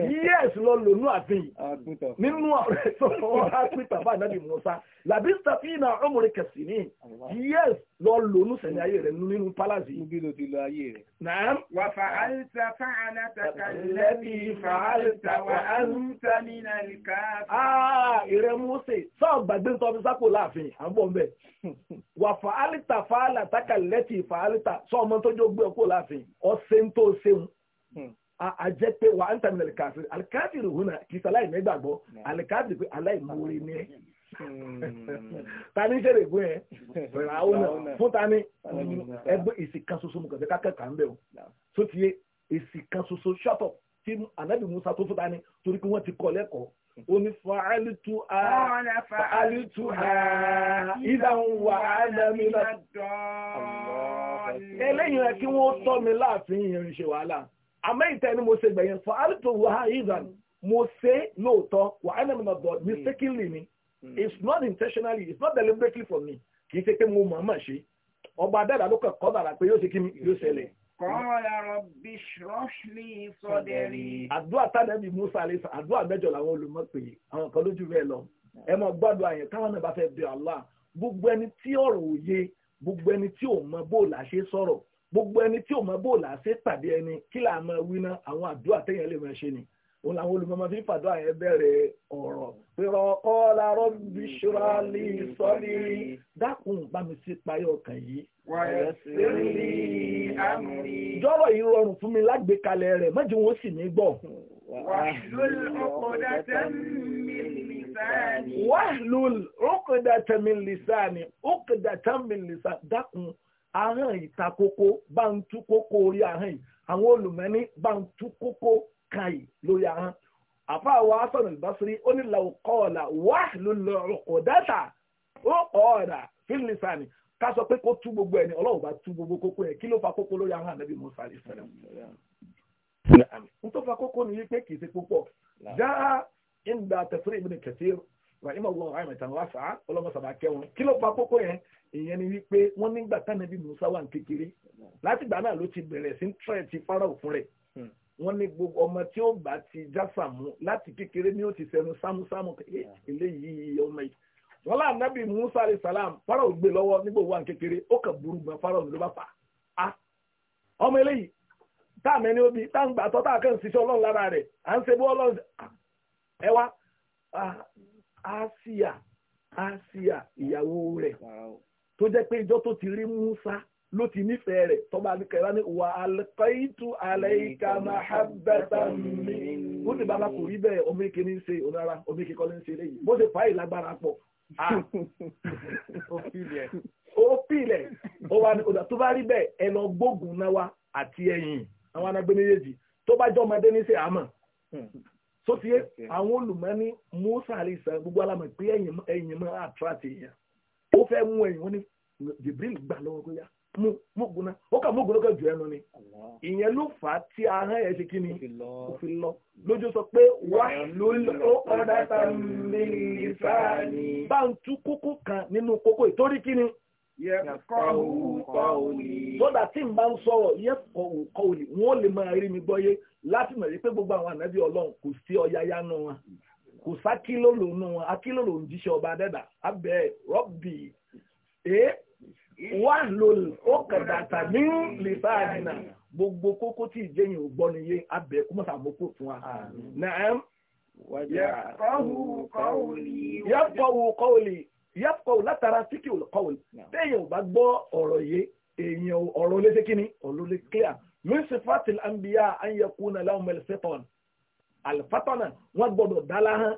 yes lọ lònú àfihàn nínú ọ̀rẹ́ tó wọ́n á pín tàbá ànábì Mùsá làbí sàfihàn ó mú ríkẹ̀sì ni yes lọ lònú sẹ̀lẹ̀ ayé rẹ̀ nínú pálásì. níbi ló ti lọ ayé rẹ̀. naam. wà fàálta fàálà tàkàlẹ́bí fàálta wà áńtà nínà ìka. aa ìrẹ́ Mósè sọ́ọ̀ gbàgbé ń tọ́bi sápò láàfin à ń bọ̀ ń bẹ̀ wà fàálta fàálà tàkàlẹ́tì fàálta sọ́ọ̀ mọ́ tó jó gbé ọkọ̀ láàfin ṣe ọ̀sẹ̀ ń tó ṣeun àjẹ́ hmm. pé wà á ń tàbí alikafiri alikafiri hùnà kì í sọ aláìní hmm. alikafiri pé aláìmoore ni ẹ. tani ṣe lè gún ẹ àwọn fún tani ẹgbẹ́ èsì kan ṣoṣo mu kẹ̀kẹ́ kẹ́kẹ́ ń bẹ̀ o tó ti yé èsì kan ṣoṣo ṣọ́tọ̀ tí anabi musa tó fún tani torí pé wọ́n ti kọ́ lẹ́kọ̀ọ́ hmm. ó ní fàálítù ha fàálítù ha ìdáhùn wà á lẹ́mìnà eléyìí rẹ̀ kí wọ́n tọ́ mi láàfin ìrìn ṣe wàhálà àmọ́ ìtẹ́ ni mo ṣe gbẹ̀yìn fún alito wàhá ìzàn mo ṣe lóòótọ́ wàhálà mi náà bọ̀ mistakenly ni hmm. it's not intentionally it's not deliberately for me kì í ṣe pé mo mọ̀ ọ́n ṣe ọba dáadáa ló kàn kọ́ bàrà pé yóò ṣe kí mi yóò ṣẹlẹ̀. Kọ́lá rọ̀bì ṣọ́ṣlì sọ́dẹ̀rì. Àdúrà tánẹ́bì Musa Alisa, àdúrà mẹ́jọ làwọn olùmọ̀ àwọn kan lójú rẹ̀ lọ. Ẹ mọ̀ gbọ́dọ̀ àyẹ̀ káwọn náà bá fẹ́ bẹ Allah. Gbogbo ẹni tí ọ̀rọ̀ òye gbogbo ẹni tí ò mọ bó là ṣe sọ̀rọ̀ gbogbo ẹni tí ò mọ bó là ṣe ẹni kí là máa wí àwọn àdúrà téèyàn lè máa ṣe ni òun làwọn olùmọ̀mọ́ fi ń fàdó àyẹ̀ bẹ̀rẹ̀ ọ̀rọ̀ pé ọkọ làárọ̀ bí ṣọ́ra lè sọ ní dákun bá sí payọ̀ ọkàn yìí. wàyẹ̀ sí ní àmì. jọ́rọ̀ yìí rọrùn fún mi lágbèkalẹ̀ rẹ̀ mọ́jú wọn sì ní gbọ́. wàá lórí ọkọ̀ dá mi wahlul uqdatan min lisani uqdatan min lisani dákun ahọ́n ìtakókó koko bantu koko kókó orí àwọn olùmẹ́ni bá ń tú kókó kan yìí lórí ahọ́n àfa àwọn asan albasiri ó ní làwùkọ́ọ̀là wahlul uqdata uqdata fil lisani ká sọ pé kó tú gbogbo ẹni ọlọ́run bá tú gbogbo kókó kí ló fa kókó lórí ahọ́n musa n tó fa kókó ni kì í ṣe ìgbà tẹ̀sírí ìbùnú kẹsíìrù rahim allah rahim ẹ̀tàn wá fà á ọlọ́mọ sàbà kẹwọn kí ló pa kókó yẹn ìyẹn ni wípé wọ́n nígbà tánàbí musa wà ní kékeré láti gbà náà ló ti bẹ̀rẹ̀ sí tẹ̀ ti fáráò fún rẹ̀ wọ́n ní gbogbo ọmọ tí ó bá ti jásàmù láti kékeré ni ó ti sẹnu sámúsámú eléyìí ọmọ yìí wọ́n lá nábì musa alayhi salam fáráò gbé lọ́wọ́ nígbà wà ní kékeré ó kà burú gan fáráò ló bá fà á ah. ọmọ eléyìí táàmì ẹni ó bi táàmì gbàtọ́ táà kàn ṣiṣẹ́ ọlọ́run lára rẹ̀ à ń ṣe bó ọlọ́run ah. ẹwà àsíà àsíà ìyàwó rẹ̀ tó jẹ́ pé ìjọ tó ti rí Musa ló ti nífẹ̀ẹ́ rẹ̀ tọba adékẹ́rẹ́ ní wà alqaitu alayka mahabbatan mi. ó ní bàbá kò rí bẹ́ẹ̀ omi kìíní ń ṣe onara omi kìíní kọ́lé ń ṣe léyìí bó ṣe fàáyì lágbára pọ̀. ó pilẹ̀ ó wà ní ọ̀dà tó bá rí bẹ́ẹ̀ ẹ lọ gbógun náwa àti sóti àwọn olùmọ́ni musa alisa gbogbo alamọ̀ pé ẹ̀yìn máa attract èèyàn ó fẹ́ mú ẹ̀yìn wọn ni jibril gbà lọ́wọ́ pé yá mú mọ́gùnà ó kà mọ́gùnà kà jù ẹnu ni ìyẹn ló fà á tí ahọ́n ẹ̀ ṣe kí ni kò fi lọ lójú sọ pé wà ló ọ̀dà tà mí sáà ni bá ń tú kókó kan nínú kókó ìtorí kí ni. so that tí bá ń sọ̀rọ̀ yẹ́pọ̀ òǹkọ́ òní wọ́n lè máa rí mi láti mọ̀ pé gbogbo àwọn ànábì ọlọ́run kò sí ọ̀yáyá nù wọn kò sá kílò ló wọn akílò ọba adẹ́dà rọ́bì ee wà ló ní lìfà àdínà gbogbo kókó tí ìjẹyìn ò gbọ́ nìyẹn abẹ kó mọ̀ fún wa. yàtọ̀ látara síkì olùkọ́wò téèyàn ò bá gbọ́ ọ̀rọ̀ yìí èèyàn ọ̀rọ̀ lé sékìní ọ̀rọ̀ lé clear mísífàtì àmbíyá ànyẹ̀kúnà láwọn mẹ́lẹ́sẹ̀tọ̀n àlùfátọ́nà wọ́n gbọ́dọ̀ dálá hàn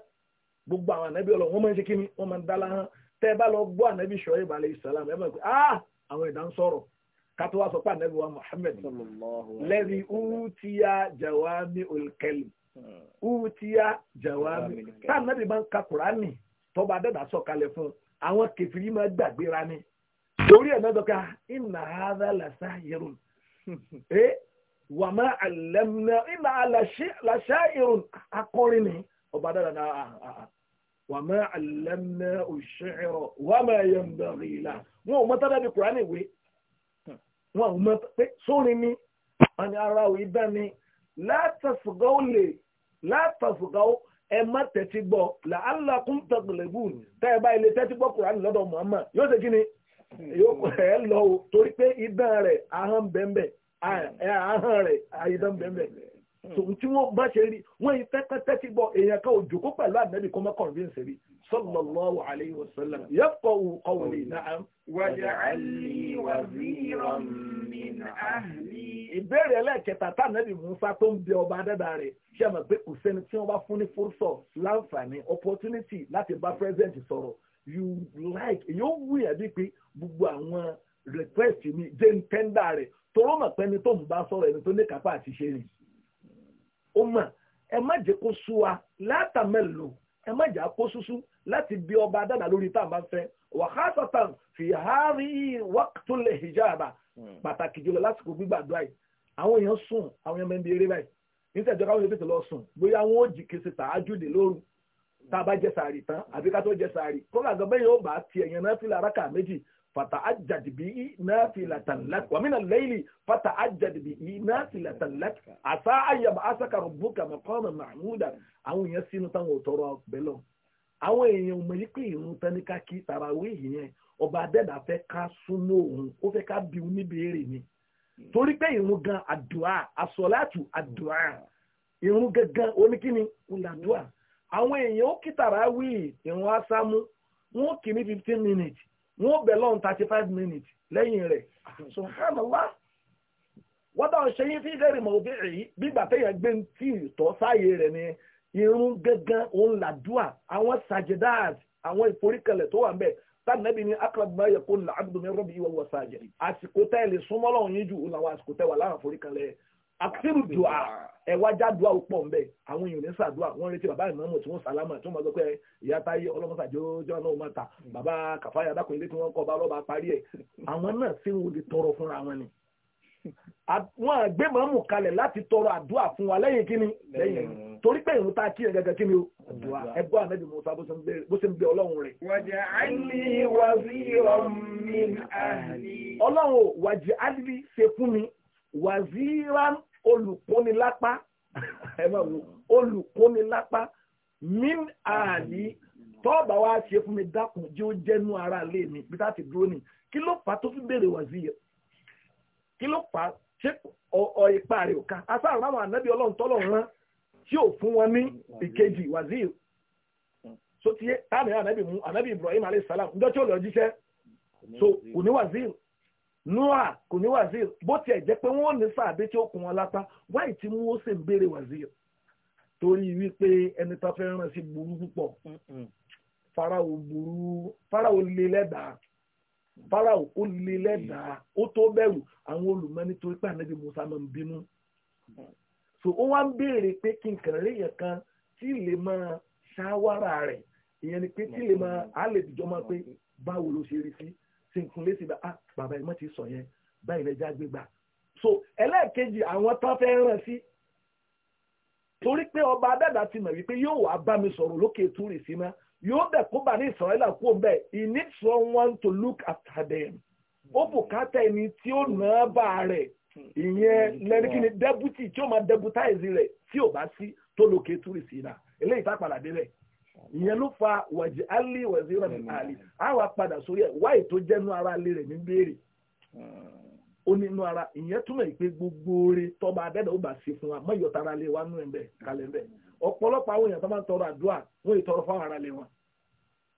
gbogbo àwọn ànábì ọlọ́ wọ́n máa ń sékìní wọ́n máa ń dálá hàn tẹ́ ẹ bá lọ gbọ́ ànábì sọ̀rọ̀ ìbàlẹ̀ ìsàlámù ẹ̀ máa ń ah àwọn ẹ̀dá ń sọ̀rọ̀ kátó wá sọ pé ànábì wa Muhammad lẹ́rìí uutiya jawami olùkẹ́lì uutiya jawami tá ànábì bá ń ka Kùránì tọ́ba adẹ́dà sọ̀kalẹ̀ fún un àwọn kẹfìrí máa gbàgbéra ni torí ẹ̀ mẹ́tọ́ka ìnà ara làṣà irun ẹ wà má àlẹ́mìnà ìnà làṣà irun akọrin ni ọba dáadáa wà má àlẹ́mìnà òṣèrò wà má yẹnbẹ̀rẹ̀ ìlà wọn ò mọ tábà bí kùránì wé wọn ò mọ pé sórin ni wọn ni ara òye dání látàfùgáwò lè látàfùgáwò. ẹ má tẹ́tí gbọ́ la'allakum taghlibun tẹ́ ẹ bá tẹ́tí gbọ́ Muhammad yóò ṣe kí ni yóò lọ o torí pé idán rẹ̀ ahọ́n bẹ́ẹ̀ ahọ́n rẹ̀ idán bẹ́ẹ̀ tòun tí wọ́n bá ṣe rí wọ́n yìí tẹ́tí gbọ́ èèyàn òjò kó pẹ̀lú صلى الله عليه وسلم yafqahu قولي نعم waj'al وزيرا من min ahli. ìbéèrè ẹlẹ́ẹ̀kẹta tá ànábì Musa tó ń bẹ ọba adẹ́dà rẹ̀ ṣé àmọ̀ pé kò sẹ́ni tí wọ́n bá fún ní fúrúsọ̀ láǹfààní opportunity láti bá president sọ̀rọ̀ you like yóò wù yẹn bí pé gbogbo àwọn request mi jẹ́ ń tẹ́ndà rẹ̀ torọ́ mọ̀ pé ẹni tó ń bá sọ̀rọ̀ ẹni tó ní kápá àti ṣe rìn. ó mọ̀ ẹ má jẹ́ kó sú wa látàmẹ́lò ẹ má jẹ́ kó súsú láti bí ọba dàdà lórí tá a máa ń fẹ́ wàhásátàn fi hárí wákàtúlẹ̀ hijaba hmm. pàtàkì jùlọ lásìkò gbígbàdúrà yìí àwọn èèyàn sùn àwọn èèyàn mẹ́bi eré báyìí níta ìjọba wọn tètè lọ sùn bóyá wọn ò jì kése tààjúde lóru tá a bá jẹ sàárì tán àbí ká tó jẹ sàárì kọ́lá àgbẹ̀ yóò bá tiẹ̀ yẹn náà fi làrákà méjì fata ajad bi nafilatan lak wa min al-layli fata ajad bi nafilatan lak asa ayyaba asaka rabbuka maqaman mahmuda àwọn yẹn sínú táwọn ò tọrọ bẹ́lọ̀ àwọn èèyàn mọ̀ yìí pé ìrun tẹ́níkà kí tàràwé yìí yẹn ọba adẹ́dà fẹ́ ká súnmọ́ òun ó fẹ́ ká bí òun níbèrè ni torí pé ìrun gan àdúrà àsọ̀látù àdúrà ìrun gangan oníkíni ńlàdúà àwọn èèyàn ó kí tàràwé ìrun ásámú wọn ó kì ní fifteen minutes wọn ó bẹ̀ lọ́n thirty five minutes lẹ́yìn rẹ̀ subhanallah wọ́n bá ń ṣe yín fi gẹ́rì mọ̀ òbí rẹ̀ yìí bí gbàtẹ́yà gbé ń tì tọ́ sáàyè rẹ̀ nìyẹn irun gangan òun làdúà àwọn sajidat àwọn ìforíkalẹ̀ tó wà ń tànàbí ni akọ̀gbọ́n yẹ kó là abdulmi rọ́bì ìwà wọ sàjẹ̀ àsìkò tẹ́ ẹ lè súnmọ́ lọ́wọ́ yín jù ó làwọn àsìkò tẹ́ wà láwọn ìforíkalẹ̀ àkìrù dùà ẹ wájà dùà ó pọ̀ nbẹ àwọn èèyàn ní sàdùà wọ́n retí bàbá ìmọ̀ọ́mọ̀ tí wọ́n sàlámà tí wọ́n máa sọ pé ìyá táyé ọlọ́mọ́sà jọjọ́ náà máa ta bàbá kàfáyà dákùnrin tí wọ́n kọ́ bá lọ́ba parí ẹ̀ àwọn náà ṣé wọ́n lè tọrọ fúnra wọn ni wọ́n gbé màmú kalẹ̀ láti tọrọ àdúrà fún wa lẹ́yìn kíni lẹ́yìn torí pé ìrún ta kí ẹ gẹ́gẹ́ kíni o àdúrà ẹgbọ́n ànábì Mùsá bó ṣe ń bẹ ọlọ́run rẹ̀. wàjẹ́ àìní waziran min ahli. ọlọ́run wàjẹ́ àìní ṣe fún mi waziran olùkónilápá olùkónilápá min ali tọ́ọ̀bà wa ṣe fún mi dákun jẹ́ ó jẹ́nu ara lé mi bí táà ti dúró ni kí ló fà tó fi béèrè wàzíyàn kí ló pa ṣé ọ ipa rẹ̀ ò ká asáàrùn àwọn ànábì ọlọ́run tọ́lọ̀ rán tí ò fún wọn ní ìkejì wazir so tiye táàmì ànábì mú ànábì Ibrahim alayhi salam ǹjọ́ tí ó lọ jíṣẹ́ so kò ní wazir noah kò ní wazir bó tiẹ̀ jẹ́ pé wọ́n ní sàbí tí ó kún wọn lápá wáyé tí mú ó sì ń béèrè wazir torí wípé ẹni tó fẹ́ ràn sí burú púpọ̀ farao burú farao lé lẹ́dàá Fáráò ó lé mm. lẹ́dàá ó tó bẹ̀rù àwọn olùmọ̀ nítorí pé ànábì Musa máa ń bínú. Mm. So ó wá ń béèrè pé kí n kàn rí èèyàn kan tí lè máa ṣáwárà rẹ̀ ìyẹn ni pé tí lè máa á lè máa pé báwo ló ṣe rí sí ṣe nǹkan lé sí i ah bàbá ẹ̀ mọ́ ti sọ yẹn báyìí lẹ́jà gbégbà. So ẹlẹ́ẹ̀kejì àwọn tán fẹ́ ràn sí torí pé ọba adáda ti mọ̀ wípé yóò wá bá mi sọ̀rọ̀ lókè túrì sí náà yóò bẹ̀ kó bá ní ìsọ̀rẹ́là kó bẹ̀ he needs someone to look after them ó bùkátà ẹni tí ó nà á bá rẹ̀ ìyẹn hmm. lẹ́ni kí ni deputy tí ó máa deputize rẹ̀ tí ò bá sí tó lókè túrìsì náà eléyìí tá a padà débẹ̀ ìyẹn ló fa wàjì ali wàjì rẹ̀ hmm. ali àwa padà sórí ẹ̀ wáyé tó jẹ́ nú ara lé rẹ̀ ní béèrè hmm. ó ní inú ara ìyẹn túmọ̀ ìpè gbogbo rẹ̀ tọ́ba abẹ́dẹ̀ ó bá ṣe fún wa mọ́ ìyọ̀tara lé wa nú ẹ̀ bẹ́ẹ̀ kalẹ̀ bẹ́ẹ̀ ọ̀pọ̀lọpọ̀ àwọn èèyàn tó máa ń tọrọ àdúrà wọ́n ìtọrọ fáwọn ara lè wọn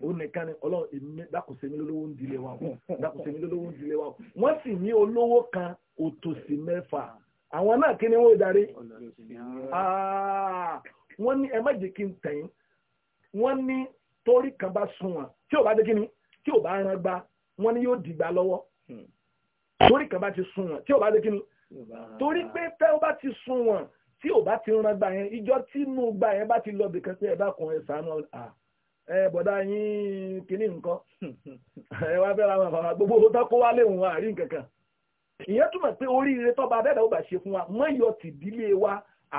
ó nìkan ni ọlọ́run èmi dákùsẹ̀mí lólówó ń dilé wa dákùsẹ̀mí lólówó ń dilé wa wọ́n sì ní olówó kan òtòsí mẹ́fà àwọn náà kí ni wọ́n darí wọ́n ní ẹ má jẹ́ kí n tẹ̀yìn wọ́n ní torí kan bá sun wọn tí ò bá dé kí ni tí ò bá rán gba wọ́n ní yóò dìgbà lọ́wọ́ hmm. torí kan bá ti sun wọn tí ò bá dé kí ni torí pé tẹ́ ó bá ti sun wọn tí ò bá ti ran gbà yẹn ìjọ tí inú gbà yẹn bá ti lọ bìkan pé ẹ bá kàn ẹ à ẹ bọ̀dá yín kínní nǹkan ẹ wá fẹ́ ra wọn gbogbo owó tó kó wá lé òun àárín kankan ìyẹn túmọ̀ pé oríire tọ́ba abẹ́rẹ́ ò bá ṣe fún wa mọ́yọ̀ tìdílé wa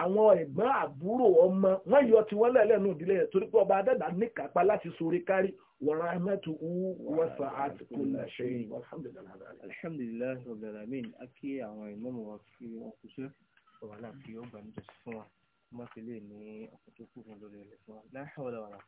àwọn ẹ̀gbọ́n àbúrò ọmọ wọ́n yọ tí wọ́n lẹ́lẹ́nu ìdílé rẹ̀ torí pé ọba adẹ́dà níkàpá láti sórí kárí wọ̀rọ̀ ahmedu wàhálà kí ó gbà níjọsí fún wa má fi lè ní ọkọ̀ tó kù fún lórí rẹ̀ fún wa láhàwọ̀lá wàhálà